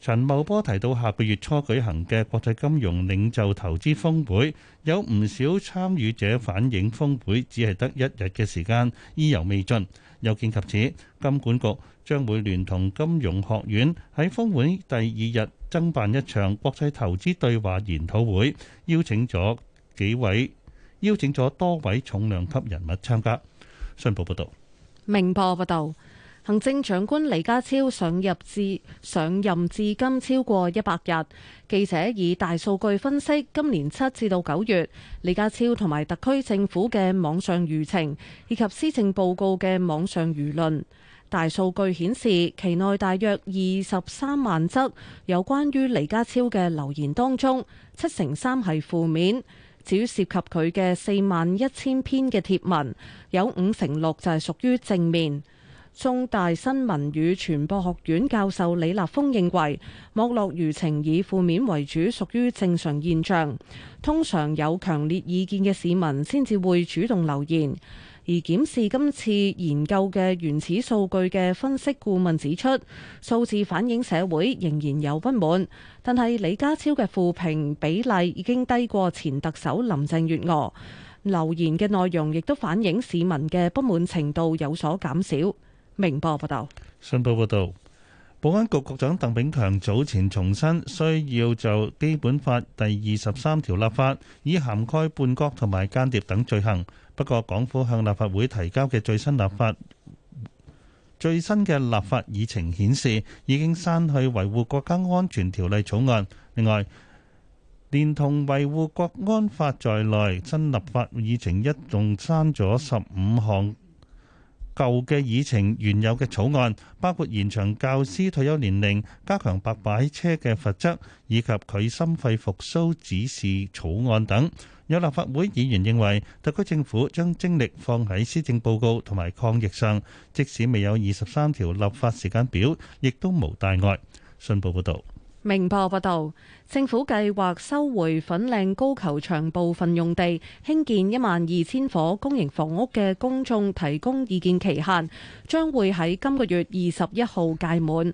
陳茂波提到，下個月初舉行嘅國際金融領袖投資峰會，有唔少參與者反映，峰會只係得一日嘅時間，意猶未盡，有見及此，金管局將會聯同金融學院喺峰會第二日。增辦一場國際投資對話研討會，邀請咗幾位，邀請咗多位重量級人物參加。商報報道，明報報道，行政長官李家超上任至上任至今超過一百日。記者以大數據分析，今年七至到九月，李家超同埋特區政府嘅網上輿情以及施政報告嘅網上輿論。大數據顯示，期內大約二十三萬則有關於李家超嘅留言當中，七成三係負面。至於涉及佢嘅四萬一千篇嘅貼文，有五成六就係屬於正面。中大新聞與傳播學院教授李立峯認為，網絡輿情以負面為主屬於正常現象，通常有強烈意見嘅市民先至會主動留言。而檢視今次研究嘅原始數據嘅分析顧問指出，數字反映社會仍然有不滿，但係李家超嘅負評比例已經低過前特首林鄭月娥。留言嘅內容亦都反映市民嘅不滿程度有所減少。明報報道，信報報道，保安局局長鄧炳強早前重申，需要就《基本法》第二十三條立法，以涵蓋叛國同埋間諜等罪行。不過，港府向立法會提交嘅最新立法最新嘅立法議程顯示，已經刪去維護國家安全條例草案。另外，連同維護國安法在內，新立法議程一共刪咗十五項舊嘅議程原有嘅草案，包括延長教師退休年齡、加強白牌車嘅罰則以及拒心肺復甦指示草案等。有立法會議員認為，特區政府將精力放喺施政報告同埋抗疫上，即使未有二十三條立法時間表，亦都無大礙。信報報導，明報報道，政府計劃收回粉嶺高球場部分用地，興建一萬二千伙公營房屋嘅公眾提供意見期限將會喺今個月二十一號屆滿。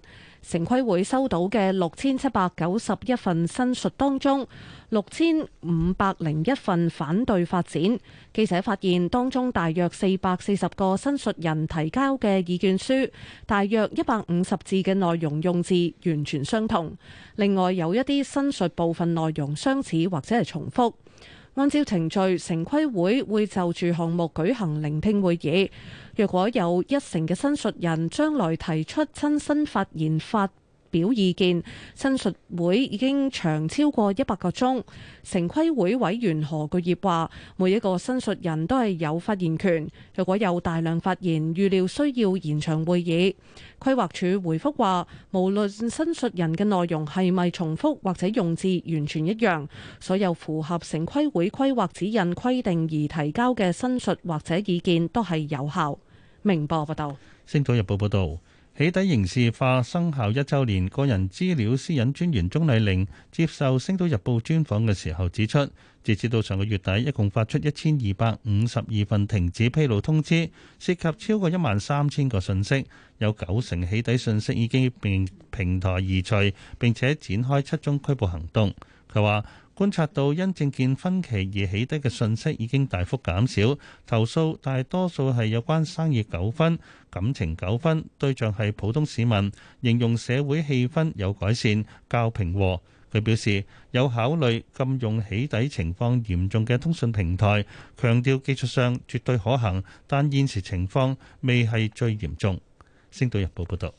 城規會收到嘅六千七百九十一份申述當中，六千五百零一份反對發展。記者發現，當中大約四百四十個申述人提交嘅意見書，大約一百五十字嘅內容用字完全相同。另外，有一啲申述部分內容相似或者係重複。按照程序，城規會會就住項目舉行聆聽會議。若果有一成嘅申述人將來提出親身發言發表意見，申述會已經長超過一百個鐘。城規會委員何巨業話：每一個申述人都係有發言權。若果有大量發言，預料需要延長會議。規劃署回覆話：無論申述人嘅內容係咪重複或者用字完全一樣，所有符合城規會規劃指引規定而提交嘅申述或者意見都係有效。明報報導，《星島日報》報導，起底刑事化生效一週年，個人資料私隱專員鍾麗玲接受《星島日報》專訪嘅時候指出，截至到上個月底，一共發出一千二百五十二份停止披露通知，涉及超過一萬三千個訊息，有九成起底訊息已經被平台移除，並且展開七宗拘捕行動。佢話：觀察到因政見分歧而起底嘅信息已經大幅減少，投訴大多數係有關生意糾紛、感情糾紛，對象係普通市民，形容社會氣氛有改善，較平和。佢表示有考慮禁用起底情況嚴重嘅通訊平台，強調技術上絕對可行，但現時情況未係最嚴重。星島日報報道。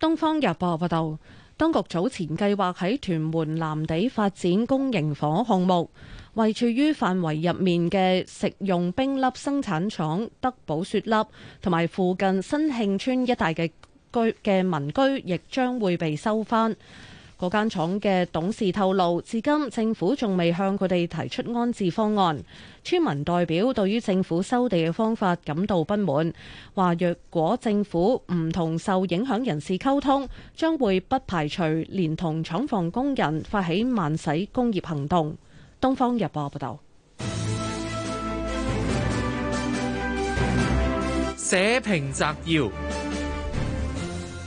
東方日報報道。當局早前計劃喺屯門藍地發展公營房屋項目，位處於範圍入面嘅食用冰粒生產廠德寶雪粒，同埋附近新慶村一帶嘅居嘅民居，亦將會被收翻。嗰間廠嘅董事透露，至今政府仲未向佢哋提出安置方案。村民代表對於政府收地嘅方法感到不滿，話若果政府唔同受影響人士溝通，將會不排除連同廠房工人發起慢駛工業行動。東方日報報道。社評摘要：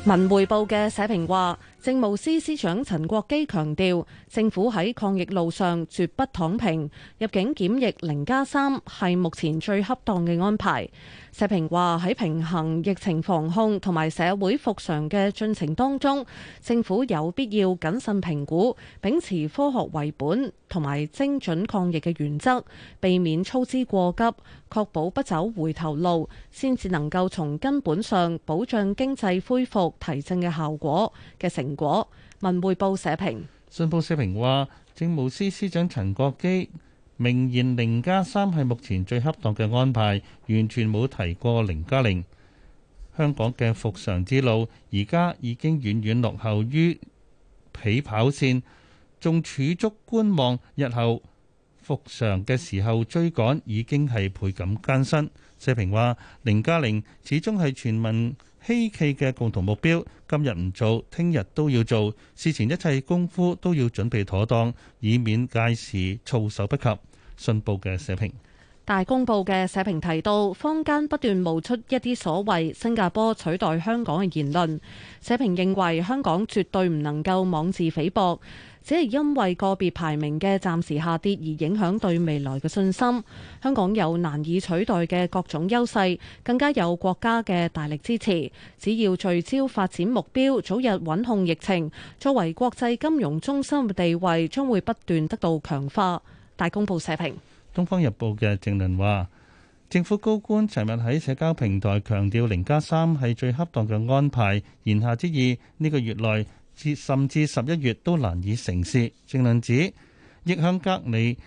文匯報嘅社評話。政務司司長陳國基強調，政府喺抗疫路上絕不躺平，入境檢疫零加三係目前最恰當嘅安排。社評話喺平衡疫情防控同埋社會復常嘅進程當中，政府有必要謹慎評估，秉持科學為本同埋精準抗疫嘅原則，避免操之過急，確保不走回頭路，先至能夠從根本上保障經濟恢復提振嘅效果嘅成果。果文匯報社評，信報社評話，政務司司長陳國基明言零加三係目前最恰當嘅安排，完全冇提過零加零。香港嘅復常之路，而家已經遠遠落後於起跑線，仲儲足觀望日後，復常嘅時候追趕已經係倍感艱辛。社評話：零加零始終係全民希冀嘅共同目標。今日唔做，聽日都要做。事前一切功夫都要準備妥當，以免屆時措手不及。信報嘅社評。大公報嘅社評提到，坊間不斷冒出一啲所謂新加坡取代香港嘅言論。社評認為香港絕對唔能夠妄自菲薄。只係因為個別排名嘅暫時下跌而影響對未來嘅信心。香港有難以取代嘅各種優勢，更加有國家嘅大力支持。只要聚焦發展目標，早日穩控疫情，作為國際金融中心嘅地位將會不斷得到強化。大公報社評，《東方日報》嘅正論話，政府高官尋日喺社交平台強調零加三係最恰當嘅安排，言下之意呢、這個月內。至甚至十一月都難以成事。正論指逆向隔離，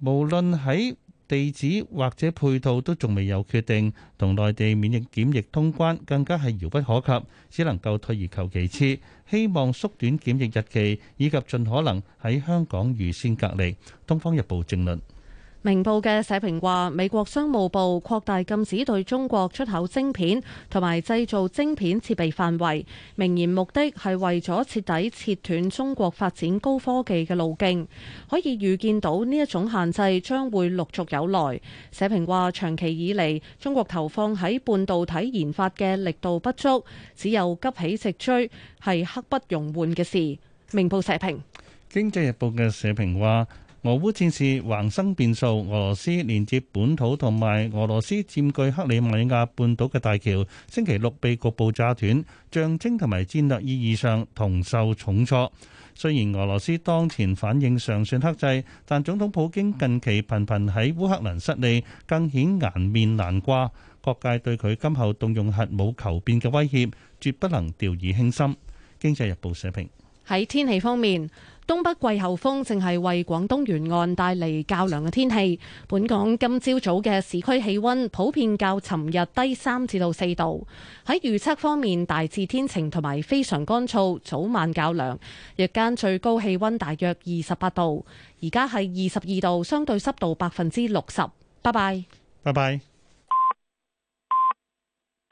無論喺地址或者配套都仲未有決定，同內地免疫檢疫通關更加係遙不可及，只能夠退而求其次，希望縮短檢疫日期，以及盡可能喺香港預先隔離。《東方日報》正論。明報嘅社評話，美國商務部擴大禁止對中國出口晶片同埋製造晶片設備範圍，明言目的係為咗徹底切斷中國發展高科技嘅路徑。可以預見到呢一種限制將會陸續有來。社評話，長期以嚟中國投放喺半導體研發嘅力度不足，只有急起直追，係刻不容緩嘅事。明報社評。《經濟日報》嘅社評話。俄烏戰事橫生變數，俄羅斯連接本土同埋俄羅斯佔據克里米亞半島嘅大橋，星期六被局部炸斷，象徵同埋戰略意義上同受重挫。雖然俄羅斯當前反應尚算克制，但總統普京近期頻頻喺烏克蘭失利，更顯顏面難掛。各界對佢今後動用核武求變嘅威脅，絕不能掉以輕心。經濟日報社評。喺天氣方面。東北季候風正係為廣東沿岸帶嚟較涼嘅天氣。本港今朝早嘅市區氣溫普遍較尋日低三至到四度。喺預測方面，大致天晴同埋非常乾燥，早晚較涼，日間最高氣溫大約二十八度。而家係二十二度，相對濕度百分之六十。拜拜，拜拜。